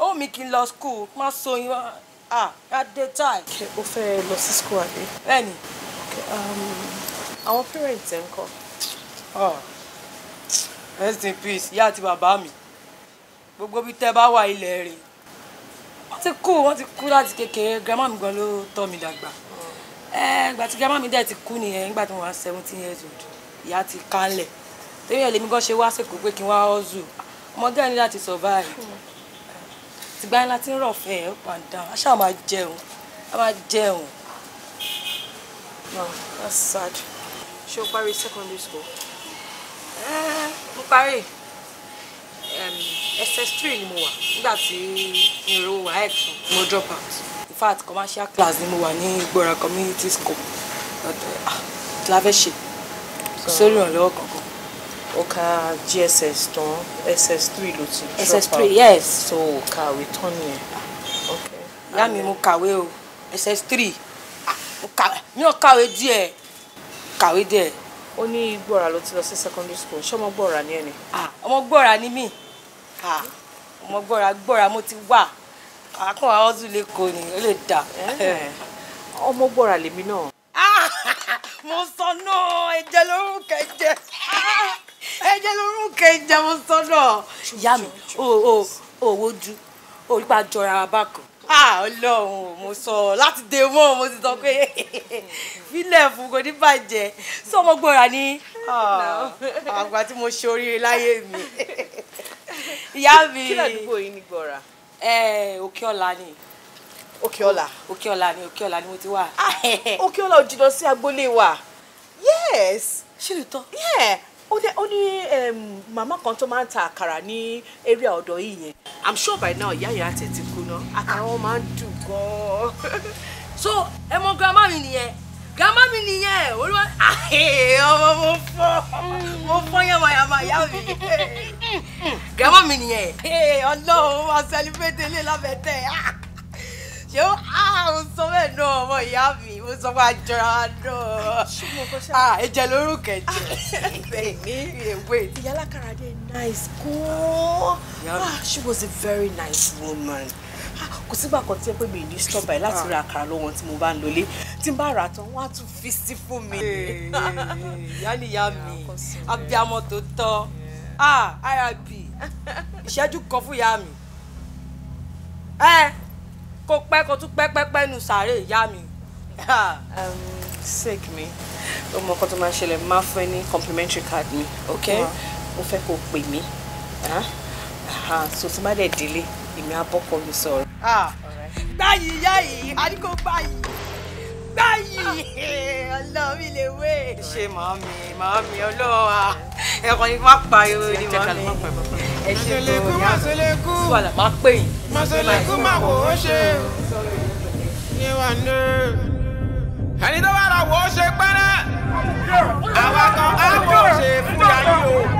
ó mi kì í lọ school má so yín ah at the time. kẹ o fẹ́ lọ sí school àbí. bẹ́ẹ̀ni. Um, àwọn parents ẹ̀ ń kọ́. Ah, rest in peace ìyá àti bàbá mi gbogbo bí tẹ́ bá wà ilẹ̀ rẹ̀ wọ́n ti kú wọ́n ti kú láti kékeré grandma mi gan ló tọ́ mi dàgbà ìgbà tí grandma mi dẹ̀ ti kú nìyẹn nígbà tí mo wà seventeen years old ìyá ti kánlẹ̀ torí ẹ̀ lèmi gan ṣe wá sèkó pé kí n wá ọ́ zù ọmọdé ẹni láti survive hmm tìgbà ńlá tí ń rọ̀ fẹ́ ẹ̀ up and down aṣáà máa jẹun a máa jẹun. no ah, that's sad. ṣé o parí secondary school. Eh, mo parí ss3 ni mo wà nígbà tí èrò waec sùn mo drop out. in fact commercial class ni mo wà ní Ìgbòrà community school but ah, la fẹ́ ṣe sórí ìrànlọ́wọ́ kankan ó ka gss tán ss3 ló ti drop out ss3 yes so ó kàwé tán okay ìyá mi mo kàwé o ss3 ah, mi o kàwé díẹ̀ kàwé díẹ̀. ó ní gbọ́ra ló ti lọ sí secondary school ṣé ọmọ gbọ́ra ni ẹ ni. Ah, ọmọ gbọ́ra ni mí ah, ọmọ gbọ́ra gbọ́ra mo ti wà àkànwá ọdún lè kó ni ó lè dà. Eh. ọmọ gbọ́ra lèmi náà mo sọ náà ẹ̀jẹ̀ lórúkọ ẹ̀jẹ̀ ẹ jẹ́ lórúkẹ ìjẹun sọ́dọ̀ ìyá mi òwòjú orípa jọra bákan ọlọ́run mo sọ láti dé mọ́ mo ti sọ pé fílẹ̀ fún kò ní bàjẹ́ sọmọ gbọ́ra ní ah, àgbà tí mo ṣe oríire láyé mi ìyá mi kí ládùúgbò yìí ní gbọ́ra. òkè ọ̀la ni òkè ọ̀la òkè ọ̀la ni òkè ọ̀la ni mo ti wà. Ah, òkè ọ̀la ò jìnnà sí agboolé wa yes. ṣé lè tọ́. yeah ó dẹ ó ní màmá kan tó máa ń ta àkàrà ní area ọ̀dọ̀ yìí yẹn i'm sure by now ìyá yẹn àti ti kú náà àkàrà wọn máa ń dùn gan-an. so ẹ mọ grandma mi nìyẹn grandma mi nìyẹn olúwa ọmọ mo fọ mo fọ yamayama ìyá mi grandma mi nìyẹn ọlọ́run máa celebrate ilé lábẹ́ tẹ̀. Ah! ṣé ó ah, sọ bẹ́ẹ̀ náà ọmọ ìyá mi mo sọ pé àjọra náà ẹ̀jẹ̀ lórúkọ ẹ̀jẹ̀ èwe. ìyá alákàràdé nice cool. an ah, she was a very nice woman ah, kò sígbà kan tí ẹ pé mi ní stọba yìí láti ra àkàrà lọ́wọ́ tí mo bá ń lọlé tí n bá rà tán wọ́n á tún fi sí fún mi. ìyá nìyá mi abiyamọ tó tọ́ irp ìṣẹ́jú kan fún ìyá mi. Eh, kó pẹ́ kó tún pẹ́ pẹ́pẹ́ nu sàárè ìyá mi. Um, sick mi ó mọ nǹkan tó máa ṣẹlẹ̀ máa fún ní complimentary card mi ok mo fẹ́ kó pè mí so tí bá dẹ̀ délé èmi á bọ́kọ mi sọ̀rọ̀. gbá yìí yá yìí a ní kó gbá yìí gbá yìí eh, ọlọ́run mi lè wé. ṣe màámi màámi ọlọ́wà ẹ̀kọ́ ni má pa irú ni màámi. ẹ ṣe tó yà màsẹ̀lẹ̀kú má pè yín. màsẹ̀lẹ̀kú má wò ó ṣe yé wa ní. ẹni tó bá ra wò ó ṣe pẹ́rẹ́ àwọn kan á wò ó ṣe fúyà yìí o.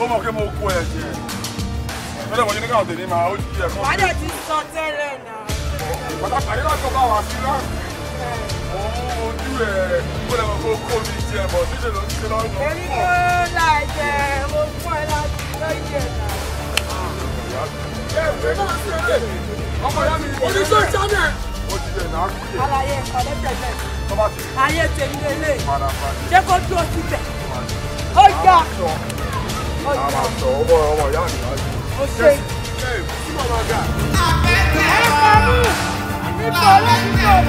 ó mọ̀ pé mo kó ẹ jẹ lọ́dọ̀ mo ní káwọn tèmi máa ó jí ẹ kọ́. wàá dẹ̀ ti sọ tẹ́lẹ̀ náà. bàtà pàdé láti ọba wà sí náà. òun ojú ẹ̀ kó lè mọ̀ kó kó mi jẹ bọ̀ nílé ló ń ṣe lọ́nà. èmi kò láì jẹ mo fún ẹ láti lóye náà. ọmọ ìyá mi ò ní tó ìjánu ẹ̀ àlàyé ẹ̀kọ́ lẹ́tẹ̀lẹ̀ ayé tèmi lélẹ̀ ṣé kó dúró síbẹ̀ ọjà ọjà ọmọ ọmọ ìyá mi wá sí. o ṣe ẹ kí màmá gà. àbẹ̀tẹ̀ ẹ̀ka mi nípa ọlọ́dúnrún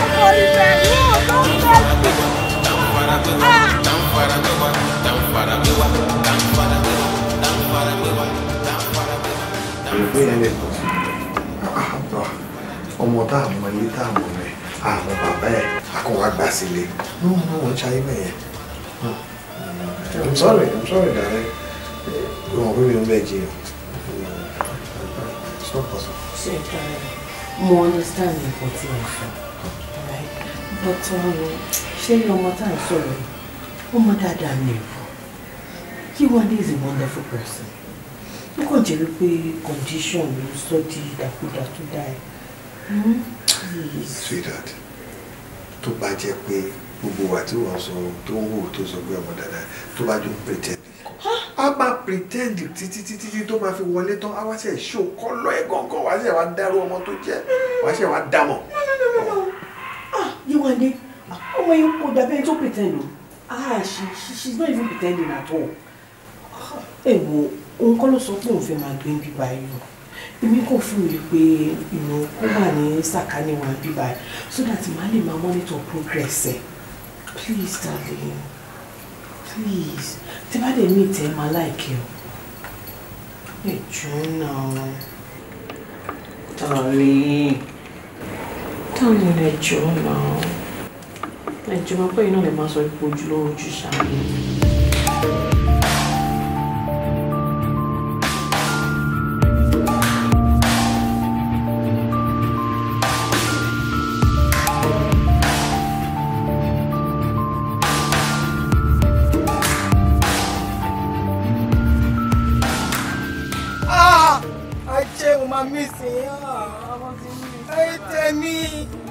ọmọ ìfẹ́ yóò tó ń fẹ́ sí. ọmọ tá a mọ ilé tá a mọ rẹ àwọn bàbá ẹ akọwà gbà sílé ló ń mú wọn ṣayé bẹyẹn I'm sorry, I'm sorry, darling. Eh, go on, we will beg you. It's not possible. Say, darling, mo understand nǹkan tí mo fẹ́. But um, ṣé ọmọ tá à ń sọ̀rọ̀ ó mọ dáadáa ní ìwọ? Kíwádé is a wonderful person. Ó kàn jẹ́ wípé condition ló sọ di ìdàkudà tó dá ẹ. Hmm? Sweetheart, To bá jẹ́ pé gbogbo wa tí wọ́n sọ tó ń wò tó sọ pé ọmọ dáadáa tó bá jọ ń pretend nǹkan a máa pretend títí títí tó máa fi wọlé tán a wá ṣe ṣó kọ́ lọ ẹ̀ gángan wá ṣe wá dárú ọmọ tó jẹ́ wá ṣe wá dámọ̀. Ah, yíwọ́ndé ah, ọmọ yìí kò dàbí ẹni tó pretend o ah she she is not even pretending at all. Ah, ẹ wo òun kọ́ ló sọ pé òun fẹ́ máa gbé bíbá yìí o èmi kò fún mi pé ìnáwó wà ní sàkánì wa bíbá yìí so that màá lè máa monitor progress ẹ̀. Eh please darling please tí bá dé mi tẹ́ máa like you. ẹ jọ̀ọ́ náà darling darling ẹ jọ̀ọ́ náà ẹ jọ̀ọ́ máa pẹ́ iná lè máa sọ ipò ojúlówó ojú ṣáà You.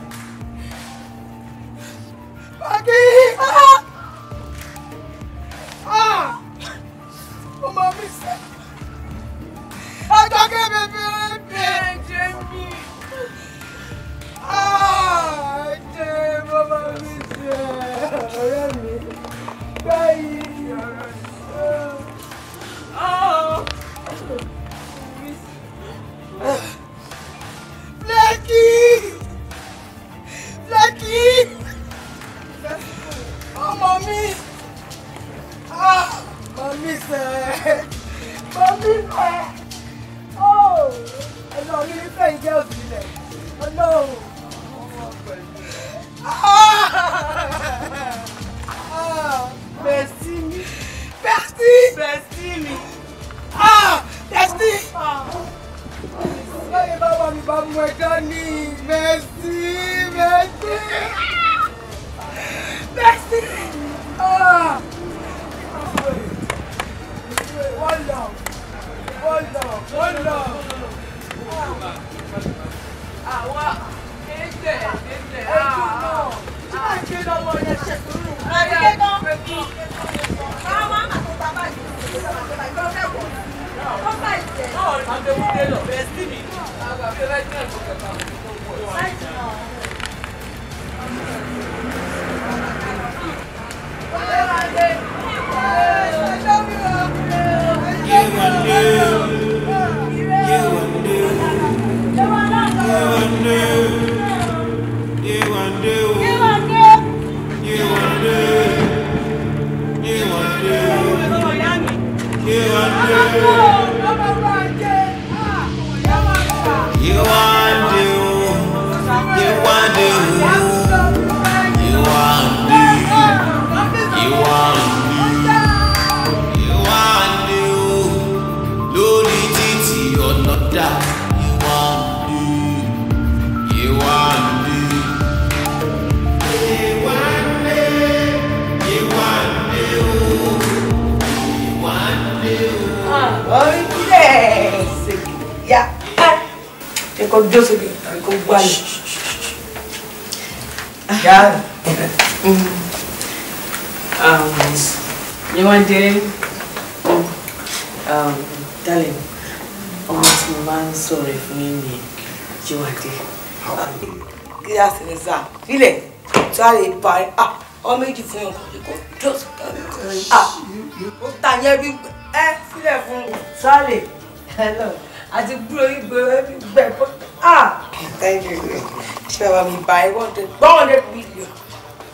Jíwádé. Yes, sir. File. Sorry, bye. Ah, o ah, méjì fún yan ko. Just Ah. O ta yẹn bí eh sílẹ̀ fún. Sorry. Hello. Àti gbúrò yìí gbé gbẹ pọ. Ah! Thank you. Ṣé wàá mi bá ẹ wọ́n tẹ gbọ́ wọn lé bílíọ̀?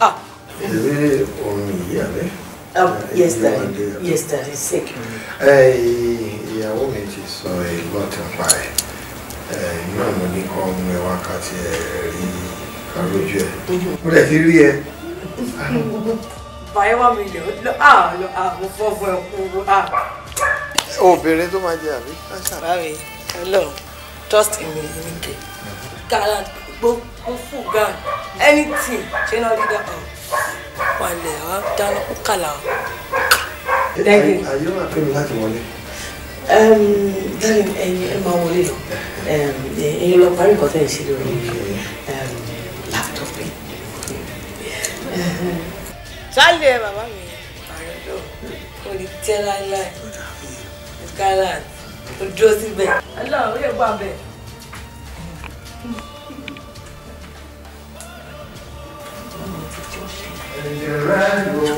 Ah! Ìwé orin ìyá rẹ̀. Yes, daddy. Yes, daddy. Sick. Ìyàwó mi ti sọ ìlú ọ̀tẹ̀ pa ẹ̀ iná mo ní kọ́ mú ẹ wákàtí ẹ rí àrójú ẹ mhm. ó dẹ̀ ti rí ẹ. bàyẹ̀ wà mí lè lọ àlọ́ àwọn fọ́fọ́ ẹ̀kú wà. obìnrin tó máa jẹ àbí. báyìí hello trust in me in me gala gbogbo fún gan anything ṣe náà dídá ọ ah, wà lẹ̀ wá dáná kó kàlà. ẹ ayé wà pé mi láti wọlé darling ẹyin ẹ máa wọlé lọ ẹyin lọ parí nǹkan tẹ̀ ń ṣe lórí laptop yìí. sálẹ̀ bàbá mi àrẹ̀dọ̀ kò ní tẹ́ láíláí gallant ó dúró síbẹ̀. ọlọ́run ó lè gbọ́ abẹ. Ìrẹ́lò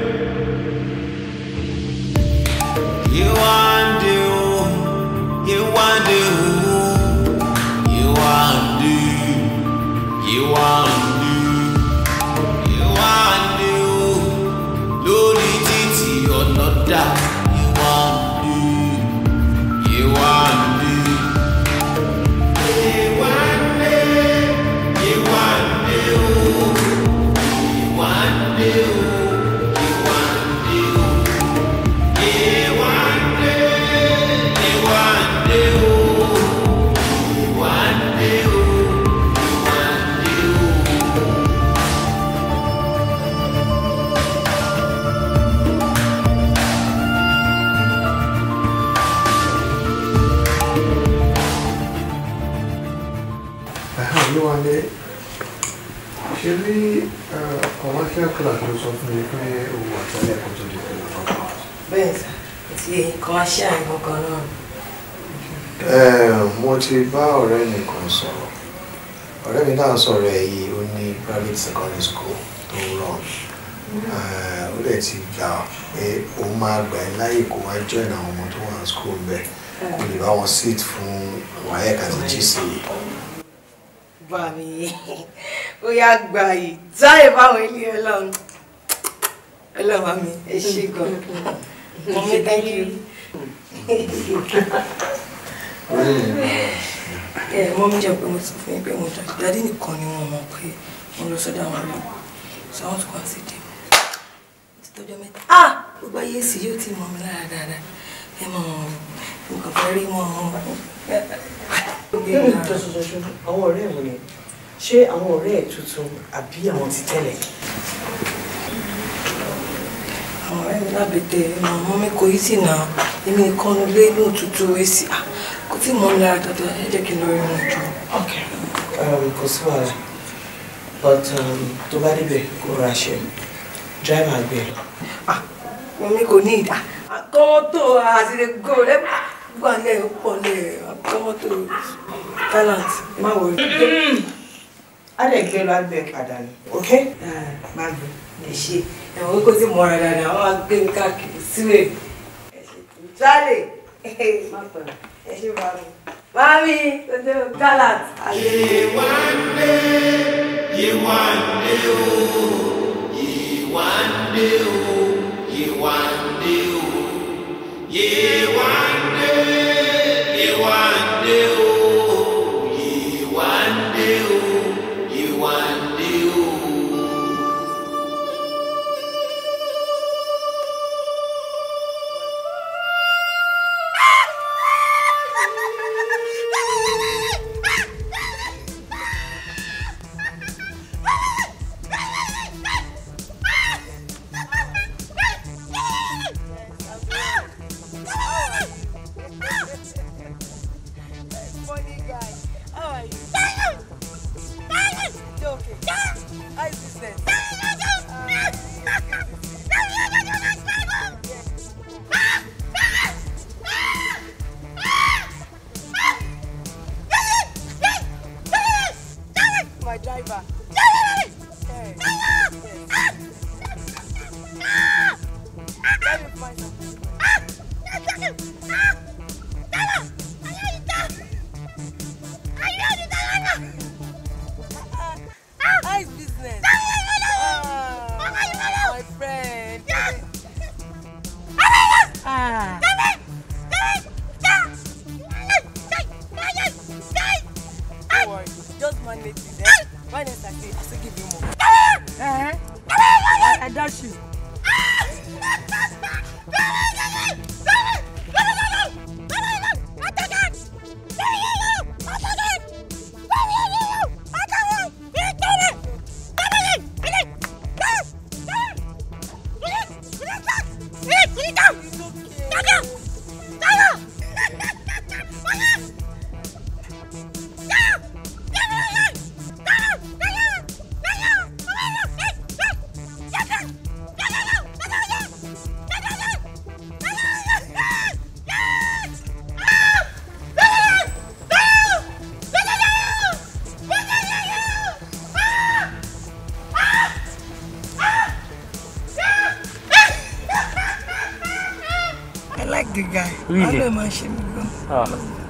die. ń sọ̀rọ̀ ẹ̀ yìí ó ní private secondary school tó ń rọ̀ ó lè ti gbà pé òun máa gbà ẹ́ láyè kó wá join àwọn ọmọ tó wà ní school bẹ́ẹ̀ kó lè bá wọn sit fún wáyé àti jíìsì yìí. gbà mí ó yá gbà yìí táyé báwọn ilé ọlọ́run ọlọ́run mi ẹ ṣe gan mọ́mí thank you mọ mi jẹ pé mo ti fún yín pé mo jà nìkan ni wọn mọ pé mo lọ sọ́dọ̀ àwọn ọmọ so i want to consider mo ti tọjọ mẹ́ta ah gbogbo ayé èsì yóò ti mọ mi lára dáadáa ẹ mọ nǹkan fẹ́ rí mọ àwọn ọ̀rẹ́ mi ni ṣé àwọn ọ̀rẹ́ ẹ̀ tuntun àbí àwọn ti tẹ́lẹ̀. àwọn ọ̀rẹ́ mi lábẹ́tẹ̀ màmá mi kò yí sí náà èmi nìkan ló lé ní òtútù èsì ah tí mo ń lára dandan ẹ jẹ́ kí n lọ rí wọn jọ. kò sí wàhálà but tó bá débẹ̀ kó ra ṣe driver gbé e. mo ní kò ní ìdá akọ́mọ́tò àti go lẹ́gbàá gbà lẹ́ pọ̀ lẹ́ akọ́mọ́tò talent má wọ̀ á lè gbé lọ àgbẹ̀ padà ni ok má gbé lè ṣe ẹ̀wọ̀n kó sì mọ́ra dáadáa wọ́n á gbé mi káàkiri sílẹ̀. Charlie! Hey, my friend ẹ ṣe mami mami ọdẹ gallant ayé. Yewande Yewande o Yewande o Yewande. 啊。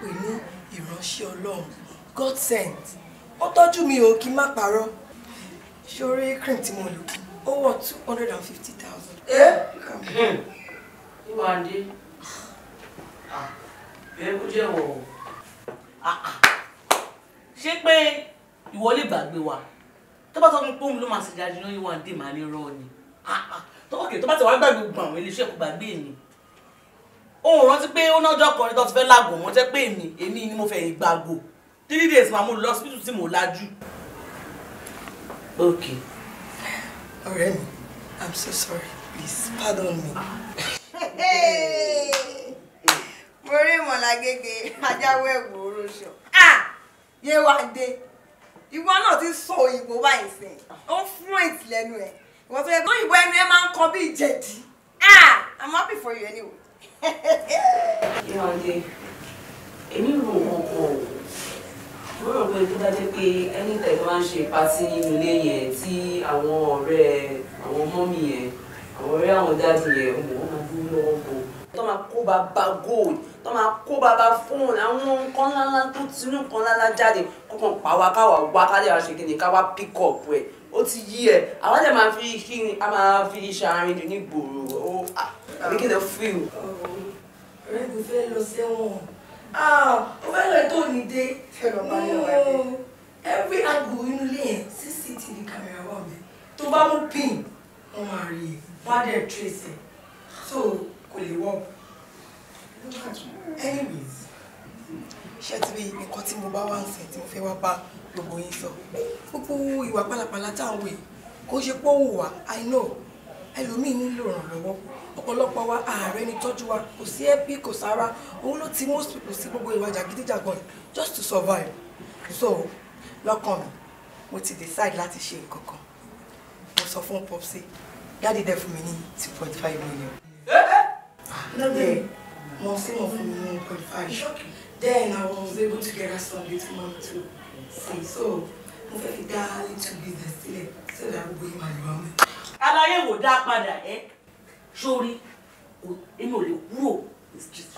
pè ní ìránṣẹ́ ọlọ́run God sent ó tọ́jú mi o kí n má parọ́ ṣoré cream tí mo lò ó wọ̀ two hundred and fifty thousand. ẹ cream ìwádìí bẹ́ẹ̀ kú jẹ́ wọ̀ ọ́ ṣé pé ìwọ lè gbàgbé wa tó bá sọ fún pọ́ùn ló máa ṣèjà jù lóyún wa dé màá ní rọ́ọ̀ ni tó bá tẹ̀ wá gbàgbé gbọ̀n àwọn iléeṣẹ́ kò gbàgbé ni òun rántí pé ó nájọ́ kan tó ti fẹ́ lágùn mọ́ jẹ́ pé èmi èmi ni mo fẹ́ ìgbàgbọ́ three days máa mú lọ hospital tí mo lajú. ok. ọ̀rẹ́ mi i'm so sorry please pardon me. mo rí ìmọ̀lá gègé ajáwé ẹ̀wò oróṣọ. Yéwándé ìwọ náà ti sọ òyìnbó báyìí sìn ó ń fluent lẹ́nu ẹ̀ ìwọ tó yẹ kó òyìnbó ẹnu ẹ máa ń kọ bí Ah! i'm happy for you anyway. Ìwọ̀nde, èmi rò wọ́n kọ̀ ọ́. Mo rò pé tó bá jẹ́ pé ẹni tẹ̀lé wá ń ṣe patí nínú ilé yẹn tí àwọn ọ̀rẹ́ àwọn mọ́mì yẹn, àwọn ọ̀rẹ́ àwọn dáàdì yẹn, ọmọ wọn máa dúró lọ́wọ́ kọ̀. Tó máa kó bàbá gold, tó máa kó bàbá fóònù, àwọn nǹkan ńláńlá tó tinú nǹkan ńláńlá jáde, kó kàn pa wá káwá wá ká lè wá ṣe kí ni ká wá pick up ẹ̀ ó ti yí ẹ àwọn àjẹ máa fi kí ni a máa fi ṣàárín jù ní gbòòrò ó àbí kí ló fi o. ọ̀rẹ́ mi fẹ́ lọ sẹ́wọ̀n ó ah, fẹ́ lọ tó ní dé oh, every angle inú ilé yẹn cctv camera wà mí tó bá mú pin wọn máa rí i wọn á trace ẹ̀ so kò lè wọ̀ anyways ṣé ti rí nǹkan tí mo bá wá ń sìn tí mo fẹ́ wá bá gbogbo yín sọ gbogbo ìwà pálapàla tá à ń wè kó ṣe pọ́ òun wà i know ẹlòmíì nílò ìrànlọ́wọ́ ọ̀pọ̀lọpọ̀ wa ààrẹ ni tọ́jú wa kò sí ẹbí kò sára òun ló ti most people sí gbogbo ìwà jàgídíjàgan just to survive so lọ́kàn mi mo ti decide láti ṣe nǹkan kan mo sọ fún popsi dáàdi dẹ fún mi ní two point five million. lọ́gbẹ̀ẹ́ mo sì mọ̀ fún mi ní one point five. Then I was able to get her some little money to see. So, mo fẹ́ fi dá little business sílẹ̀ so that gbogbo yìí máa lè wá mi. Aláyé wò dá padà ẹ́ sórí èmi ò lè kúrò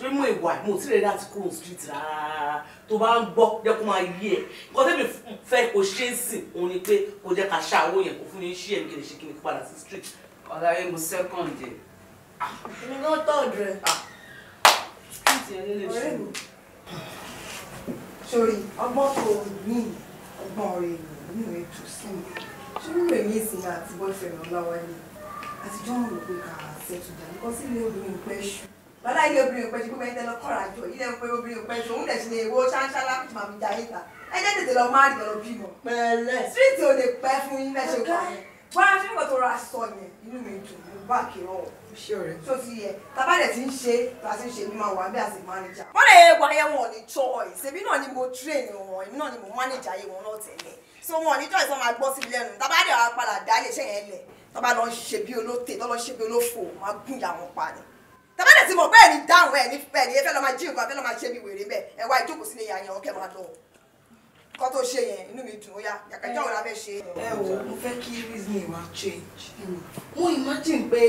ṣé mo ìwà mo ti rẹ̀ láti kúrò street rárá tó bá ń gbọ́ jẹ́ kó máa yí ẹ̀ nǹkan tẹ́mi fẹ́ kó ṣe é sìn òun ni pé kó jẹ́ ká ṣàwó yẹn kó fún ní ṣí ẹ̀mí kí lè ṣe kí ni kó padà sí street. Aláyé mo second dé. Ah. Èmi náà tọ̀ ọ̀dọ̀ ẹ̀. Street yẹn ló lè ṣe sórí ọgbọ́n tó ní ọgbọ́n rẹ̀ nínú ètò sí mi sórí rẹ̀ ní ìsinmi àti boyfriend ọláwálé àtijọ́ ń rò pé kà á ṣètò jà nǹkan sí ilé obìnrin pẹ́ ṣù bàbá ilé obìnrin pẹ́ ṣù pé mẹ́tẹ́ lọ kọ́ra jọ ilé pé obìnrin pẹ́ ṣù òun dẹ̀ ṣe èwo ṣáńṣá lápìtì màmí ja ìta ẹjẹ́ tètè lọ má dẹ̀ lọ bímọ. pẹ̀lẹ́ síríìtì ò lè pẹ́ fún yín mẹ́ṣẹ̀ kọ́ yẹn wọ́n á fi ń bọ̀ tó ra sọ yẹn inú mi dùn mo bá kí ọ̀hún ṣòro tó ti yẹ tàbá dẹ̀ ti ń ṣe bá ti ń ṣe mímọ wà bí àsìkò mánéjà. wọ́n lè wà yẹn wọn ní choice èmi náà ni mo train wọn èmi náà ni mo mánéjà yé wọn náà tẹ̀lé so wọn ò ní choice wọn máa gbọ́ sí lẹ́nu tàbá dẹ̀ wàá padà dá ilé iṣẹ́ yẹn lẹ̀ tọ́ba lọ ṣe bí olóte tọ́lọ́ ṣe bí olófò máa gún ìyá wọn pa ni tàbá dẹ̀ ti mọ̀ bẹ́ẹ̀ ni dáhùn ẹ̀ ní bẹ́ẹ̀ ni ẹ fẹ́ lọ́ máa jí nǹkan fẹ́ lọ́ máa ṣe bí wèrè bẹ́ẹ̀ ẹ wá ìjókòó sílé ìyá yẹn ọkẹ́ máa lọ kọ́ tó ṣe yẹn inú mi dùn ó yá yàtọ̀ ìjọ́ òun fẹ́ ṣe. ẹ wo mo fẹ́ kí reasoning wa change mo imagine pé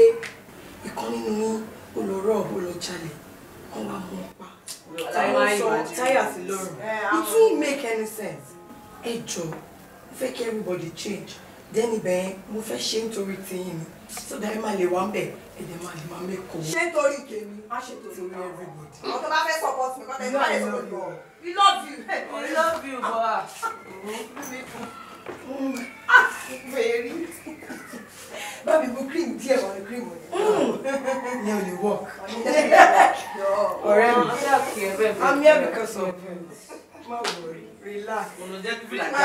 ìkan nínú yín ó lọ wọn wá mú un pa táwọn sọ táyà sí lọ́rùn it won't make any sense ẹ jọ mo fẹ́ kí everybody change then ibẹ̀ yẹn mo fẹ́ ṣe nítorí tiyín ni so that ẹ máa lè wá ń bẹ̀ ẹ dẹ̀ máa lè máa mẹ́kọ̀ọ́. ṣé torí tèmi má ṣe torí everybody. àwọn tó bá fẹ́ support mi bá lè support mi. we love you. we love you bọ́lá. Very. Bábí bu cream díẹ̀ wọ́n ní cream ni. Ìyẹn ò lè work. Ọ̀rẹ́ mi. I'm here because of him. Má worry, relax.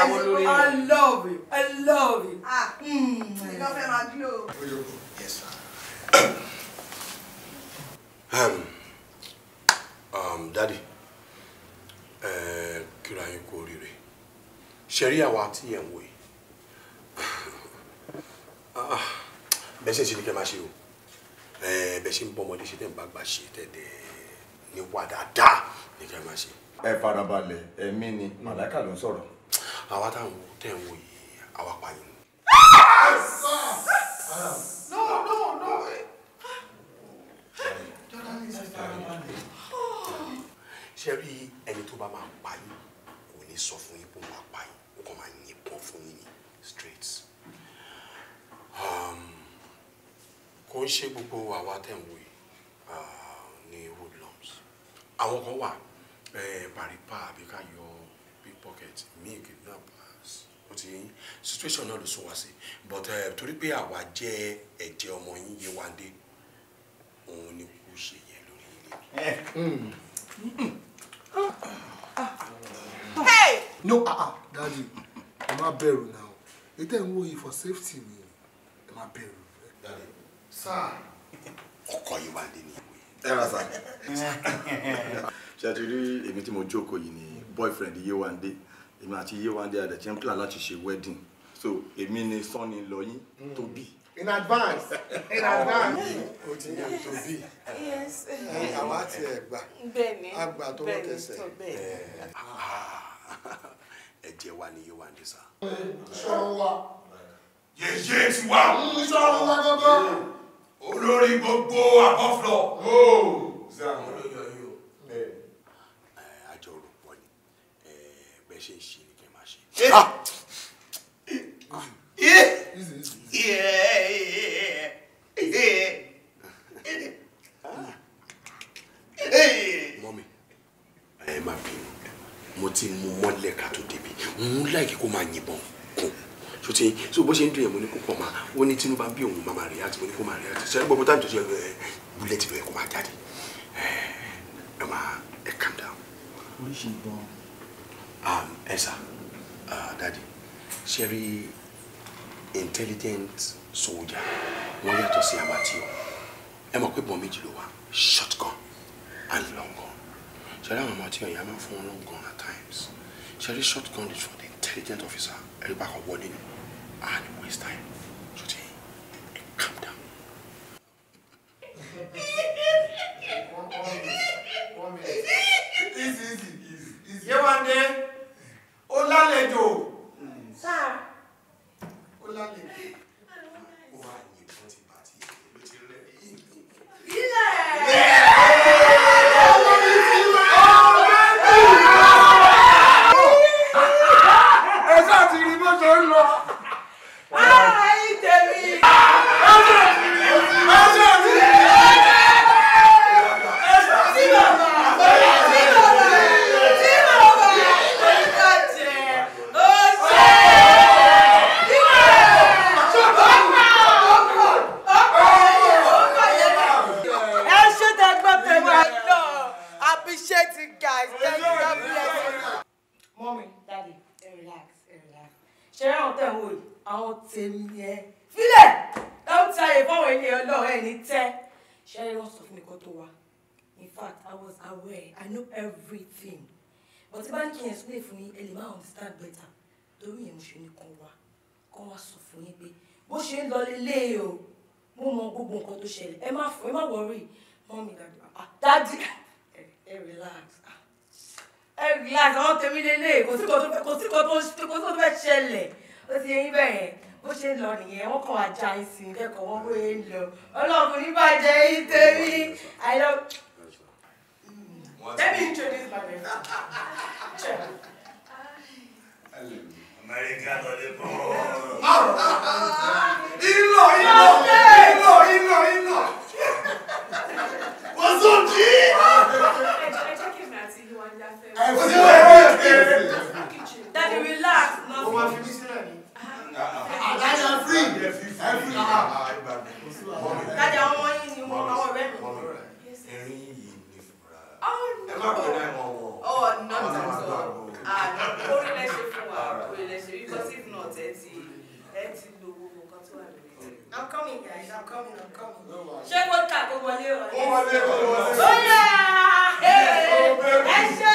I love you, I love you. Ah, hmm. fẹ́ Yes, sir. um, um, daddy, uh, can I call you? ṣẹ̀rí àwa tí ẹ̀ ń Ah, yìí bẹ́ẹ̀ ṣe ṣe ni kẹ́ máa ṣe o eh, bẹ́ẹ̀ ṣe ń bọ́ ọmọdé ṣe tẹ̀ ń bá gbà ṣe tẹ̀dẹ̀ ní wà dáadáa ni kẹ́ máa ṣe. ẹ farabalẹ̀ ẹ̀mí ni màláìka ló ń sọ̀rọ̀. àwa táwọn tẹ̀ ń wò yìí pa yín. no no no. ṣe rí ẹni tó bá máa pa yín kò ní sọ fún yín bó máa pa yín ó kàn máa yìnbọn fún yín ní straight um, kò ń ṣe gbogbo àwa tẹ̀ ń wò yìí uh, ní hoodlums àwọn kan wà eh, bàrípà àbí ká yọ pickpocket míì kidnappers ó ti situation náà ló sún wá sí but eh, torí pé àwa jẹ́ ẹ̀jẹ̀ ọmọ yín Yéwándé òun ni kò ṣe yẹn lórí ilé. Eh. Hmm. Mm-hmm. Ah, ah. Hey! No, ah, ah, daddy, I'm a bẹ̀rù now. Ẹ tẹ́ ń for safety ni. Ẹ má bẹ̀rù. Daddy. Sir. Ọkọ yìí wà ní ni. Ẹ rà sá. Ṣé ẹ ti rí èmi tí mo jókòó yìí ni boyfriend Yéwándé. Èmi àti Yéwándé a dẹ̀ The temple plan láti ṣe wedding. So èmi ni sọ́ni lọ́yìn mm. tó bí. In advance. In advance. O ti yàn tó bí. Yes. Àwa ti ẹ̀ gbà. Bẹ́ẹ̀ni. Àgbà tó wọ́n kẹsẹ̀. Bẹ́ẹ̀ni ẹ̀jẹ̀ wa ni yóò wà ní sá. ìṣòro ti wa olórí gbogbo àkọ́flọ̀. àjọ olùpọ̀ ni bẹ́ẹ̀ ti mú mọ́lẹ̀ ká tó débi òun láìkí kó máa yìnbọn kù tó ti so bó ṣe ń dùn yẹn mo ní kó pọ̀ máa ó ní tinubu bí òun máa máa react mo ní kó máa react ṣe é gbogbo táwọn tó ṣe ẹ bullet lọ yẹ kó máa jáde ẹ máa ẹ calm down. oríṣi ìbọn. Um, ẹ sà uh, dadi ṣe rí intelligent soldier wọ́n yàtọ̀ sí amateur ẹ mọ̀ pé bọ́n méjì ló wà shotgun and long gun. Shall I àwọn ọmọ tí ọ̀yà máa fún wọn gun at times Shall short gun is for the intelligent officer ẹ̀rí bá kan wọlé ni and waste time. relax ah. ẹ relax àwọn tèmi lélẹ̀ kò sí kò tó fẹ́ ṣẹlẹ̀ ó ti yẹn bẹ̀rẹ̀ bó ṣe lọ nìyẹn wọn kàn wá ìsìn kẹ́kọ̀ọ́ wọn bóyá lọ ọlọ́run níbàjẹ́ yìí tèmi i love. Let me introduce my name. Americano de Polo. Ilo, ilo, ilo, ilo, ilo. What's up, G? Daddy, relax. Ó máa fi mí sílẹ̀ ni. free. Every hour. Dájà ọmọ yín ni mo àwọn ọ̀rẹ́ mi. Ẹ̀rín yìí ni fúnra. I'm coming guys, I'm coming, Ṣé wọ́n kà kó wọlé ọ̀rẹ́? Ó wọlé ọ̀rẹ́. Ó yà! Ẹ ṣe!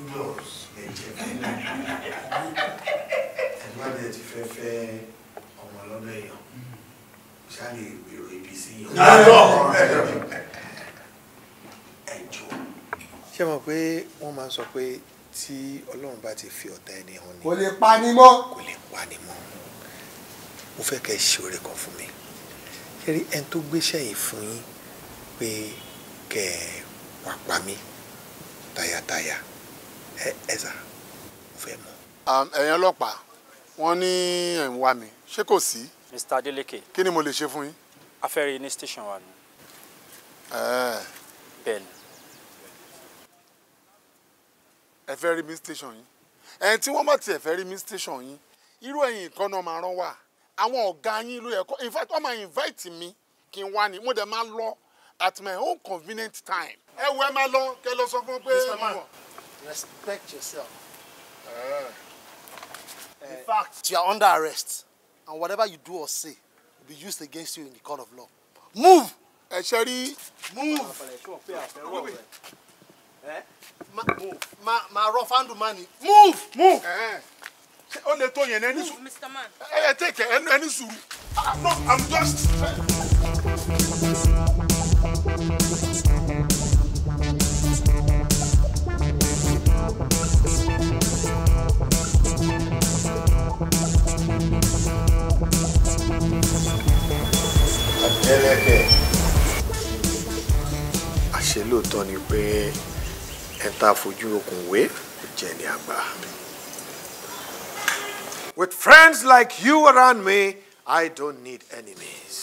indoors ẹ̀jẹ̀ fẹ́lẹ̀ ẹ̀dùnmọ́dé ti fẹ́ fẹ́ ọmọ lọ́dọ̀ èèyàn ṣáàlì èrò ibi sí ẹjọ́. ṣé mo pé wọ́n máa ń sọ pé tí ọlọ́run bá ti fi ọ̀tá ẹni hàn ni. kò lè pa ni mọ́. kò lè pa ni mọ́ mo fẹ́ kẹ́ ẹ ṣe oore kan fún mi ṣe rí ẹni tó gbéṣẹ́ yìí fún yín pé kẹ́ ẹ wà pa mí tayátayá. Taya ẹ ẹ fẹ́ mọ̀. ẹ̀yin ọlọ́pàá wọ́n ní ẹ̀ mi ṣé kò sí. Mr. Adeleke. kí ni mo lè ṣe fún yín. a ní station wa ni. bẹ́ẹ̀ ni. ẹ fẹ́ rí mi station yín ẹ̀yin tí wọ́n bá tiẹ̀ fẹ́ rí mi station yín irú ẹ̀yin kan máa rán wà àwọn ọ̀gá yín ló yẹ kó in fact wọ́n máa invite mi kí n wá ni mo dẹ̀ máa lọ at my own convenient time. ẹ wo ẹ máa lọ kẹ lọ sọ fún pé. mr man Respect yourself. Uh, in eh, fact, you are under arrest, and whatever you do or say will be used against you in the court of law. Move! Ẹ eh, ṣe rí. Move! Ma move. Ma ma rough fáńdù money. Move! Move! Eh, ó lè tó yẹn ẹni sùúrù. Mr. Man. Ẹ ẹ tẹ̀kẹ̀ ẹni sùúrù. I'm just. ẹlẹ́kẹ̀. àṣẹ lóòótọ́ ni pé ẹ ta fojú okùn wé jẹ ní àgbà. With friends like you around me, I don't need enemies.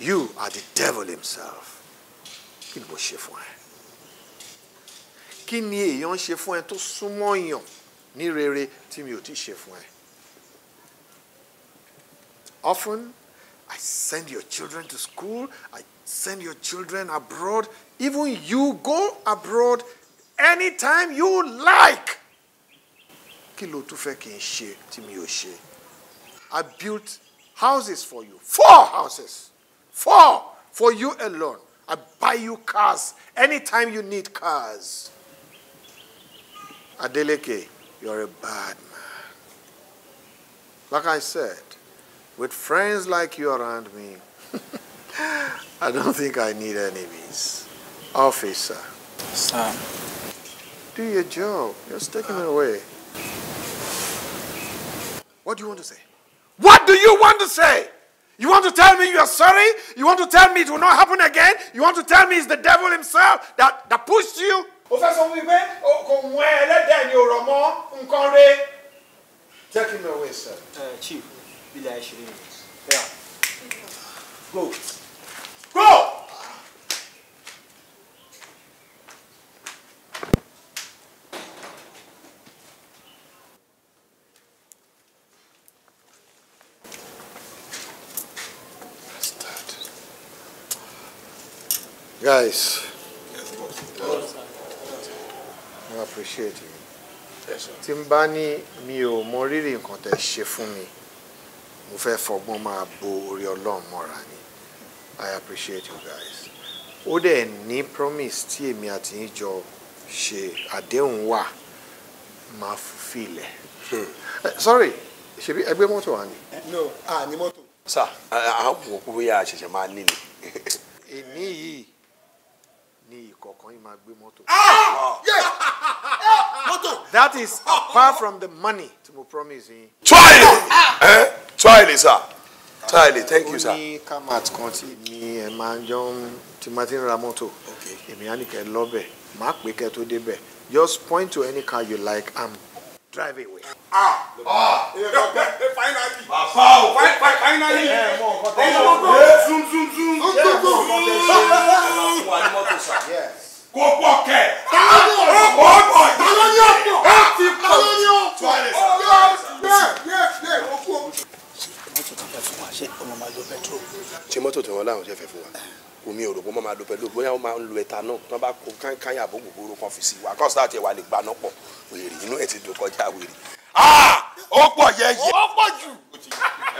You are the devil himself. Kí ni mo ṣe fún ẹ? Kí ni èèyàn ṣe fún ẹ tó súnmọ́ èèyàn ní rere tí mi ò ti ṣe fún ẹ? Often I send your children to school. I send your children abroad. Even you go abroad anytime you like. fẹ́ I built houses for you. Four houses. Four for you alone. I buy you cars anytime you need cars. Adeleke, you're a bad man. Like I said, with friends like you around me, I don't think I need enemies. Officer. Sir. Do your job. You're taking uh, away. What do you want to say? What do you want to say? You want to tell me you are sorry? You want to tell me it will not happen again? You want to tell me it's the devil himself that, that pushed you? Take him away, sir. Uh, chief. bilhete ali. É. Go, go! Guys, I appreciate you. Yes, sir. Tí n bá ní mi ò mo fẹ́ fọgbọ́n máa bo orí ọlọ́run mọ́ra ni i appreciate you guys ó dẹ̀ ní promise tí èmi àti yín jọ ṣe àdéhùn wà máa fulfill ẹ̀ hmm. sorry ṣebí ẹgbẹ́ mọ́tò wa ni. no a ni mọ́tò. sà á wò ó bóyá àṣẹ̀ṣẹ̀ máa ní ni. èmi yìí ni ìkọ̀ọ̀kan yìí máa gbé mọ́tò. Ah! mọ́tò. that is apart from the money to mo promise yín. try it. Ah! Eh? Charlie sir Charlie thank you sir. ó ní kamat kan tí mi ẹ máa ń jọ ń tí máa ti ń ra mọ́tò èmi á ní kẹ́ lọ́bẹ̀ máa pè kẹ́ tó débẹ̀ just point to any car you like am drive away. ah ah finally bàbá o finally ọmọ zoom zoom zoom kò pọ̀ kẹ̀ kò pọ̀ kẹ̀. talonio talonio talonio mọ́tò tó fẹ́ fún wa ṣé ọmọ máa lo pẹtrol. ṣé mọ́tò tí wọ́n láwọn ṣe fẹ́ fún wa omi ò rò bó máa lo pẹtrol bóyá wọ́n máa ń lo ẹ̀ta náà tí wọ́n bá kó káńkáń àbó gbogbooro kan fi sí wa kọ́sítà àti ẹ̀wà lè gbaná pọ̀ wèrè inú ẹ̀ ti dùn kọjá wèrè. Ah! ó pọ̀ yẹ́yẹ́. ó pọ̀ jù.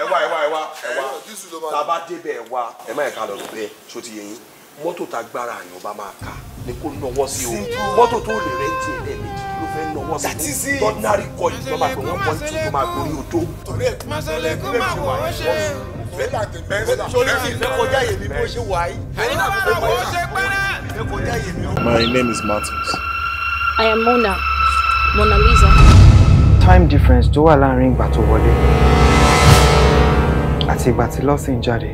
ẹwà ẹwà ẹwà ẹwà tábà débẹ̀ ẹwà ẹ má ẹ̀ka lọ́dọ̀ bẹ́ẹ̀ ṣó ti yẹyin mọ́tò tágbára àyàn bá máa kà ní kó náwó sí o mọ́tò tó lè rẹ́ǹtì ẹ̀ lẹ́ẹ̀mejì fẹ́ nọwọ́ sí ordinary coin ló máa pè wọ́n point two ló máa gorí odó. torí ẹ̀ mọ́sálẹ̀ kó máa wọ̀ ọ́ ṣe. bẹ́ẹ̀ni àti bẹ́ẹ̀ni sórí ti ìfẹ́ kọjá yèmí bí ṣe wà yìí. bẹ́ẹ̀ni àti bẹ́ẹ̀ni ìfẹ́ kọjá yèmí. My name is Martins. I am Mona Mona Lisa. time difference tó wà láàrin ìgbà tó wọlé àti ìgbà tí lọ́sìn jáde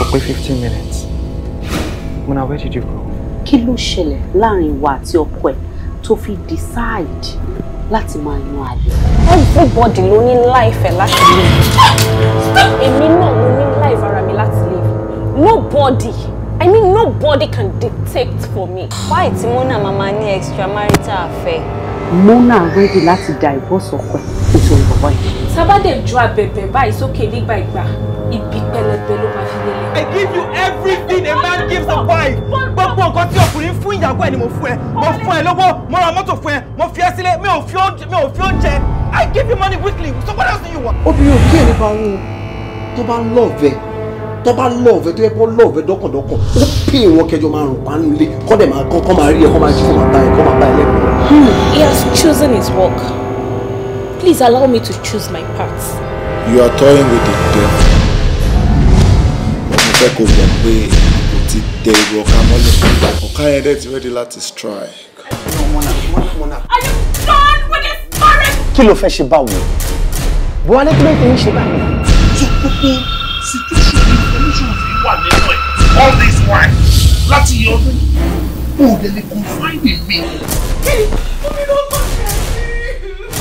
kò pé fifteen minutes Mona where did you go. kí ló ṣẹlẹ̀ láàrin wa àti ọkọ ẹ̀ tó fi decide láti máa yan àlè. everybody ló ní láìfẹ́ láti lè èmi náà mo ní láìf ara mi láti lè nobody i mean nobody can detect for me. why tí mo náà máa ma ní extramarital affair. Mona ready láti divorce ọkọ nítorí bàbá yìí. sábàdé ju abẹ̀bẹ̀ báyìí sókè nígbà ìgbà ibi pẹlẹbẹ ló máa fi lélẹ̀. I give you everything a man gives a wife. gbogbo nǹkan tí ọkùnrin fún ìyàwó ẹ̀ ni mo fún ẹ mo fún ẹ lówó mo ra mọ́tò fún ẹ mo fi ẹ sílé mi ò fi oúnjẹ I give you money weekly so what else do you want. obìnrin ò kí ẹni bá ń tó bá ń lọ́ọ̀vẹ́ tó bá lọ́ọ̀fẹ́ tó yẹ kó lọ́ọ̀fẹ́ dọ́kàndọ́kàn ó pè wọn kẹjọ máa rùn pánú lé kọ́ dẹ̀ máa kọ́ kọ́ máa rí ẹ kọ́ máa jí kọ́ máa bá ẹ kọ́ máa bá ẹ lẹ́kọ̀ọ́. Hmm, he has chosen his work. Please allow me to choose my part. You are toying with the devil. mo fẹ́ kó gbọ́ pé kò ti tẹ ìwọ ọ̀ka mọ́lẹ̀ ọ̀ka yẹn dẹ̀ ti ready láti strike. Are you done with this marriage? kí ló fẹ́ ṣe báwo? buhari tó ń ṣe báyìí. situation wà nínú ẹ̀ all this while láti yọ ọdún kò dé lè confide in me. omi ló bọ̀ sí i.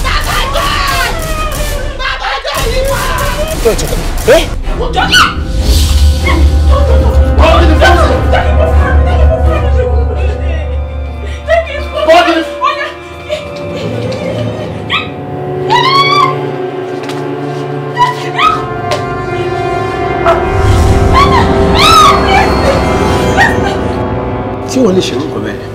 bàbá jẹ́ bàbá jẹ́ ìwà. ọjọ́ ìtọ́ kù. ọjọ́ náà. ọjọ́ ìtọ́ kù. 就我那媳妇呗。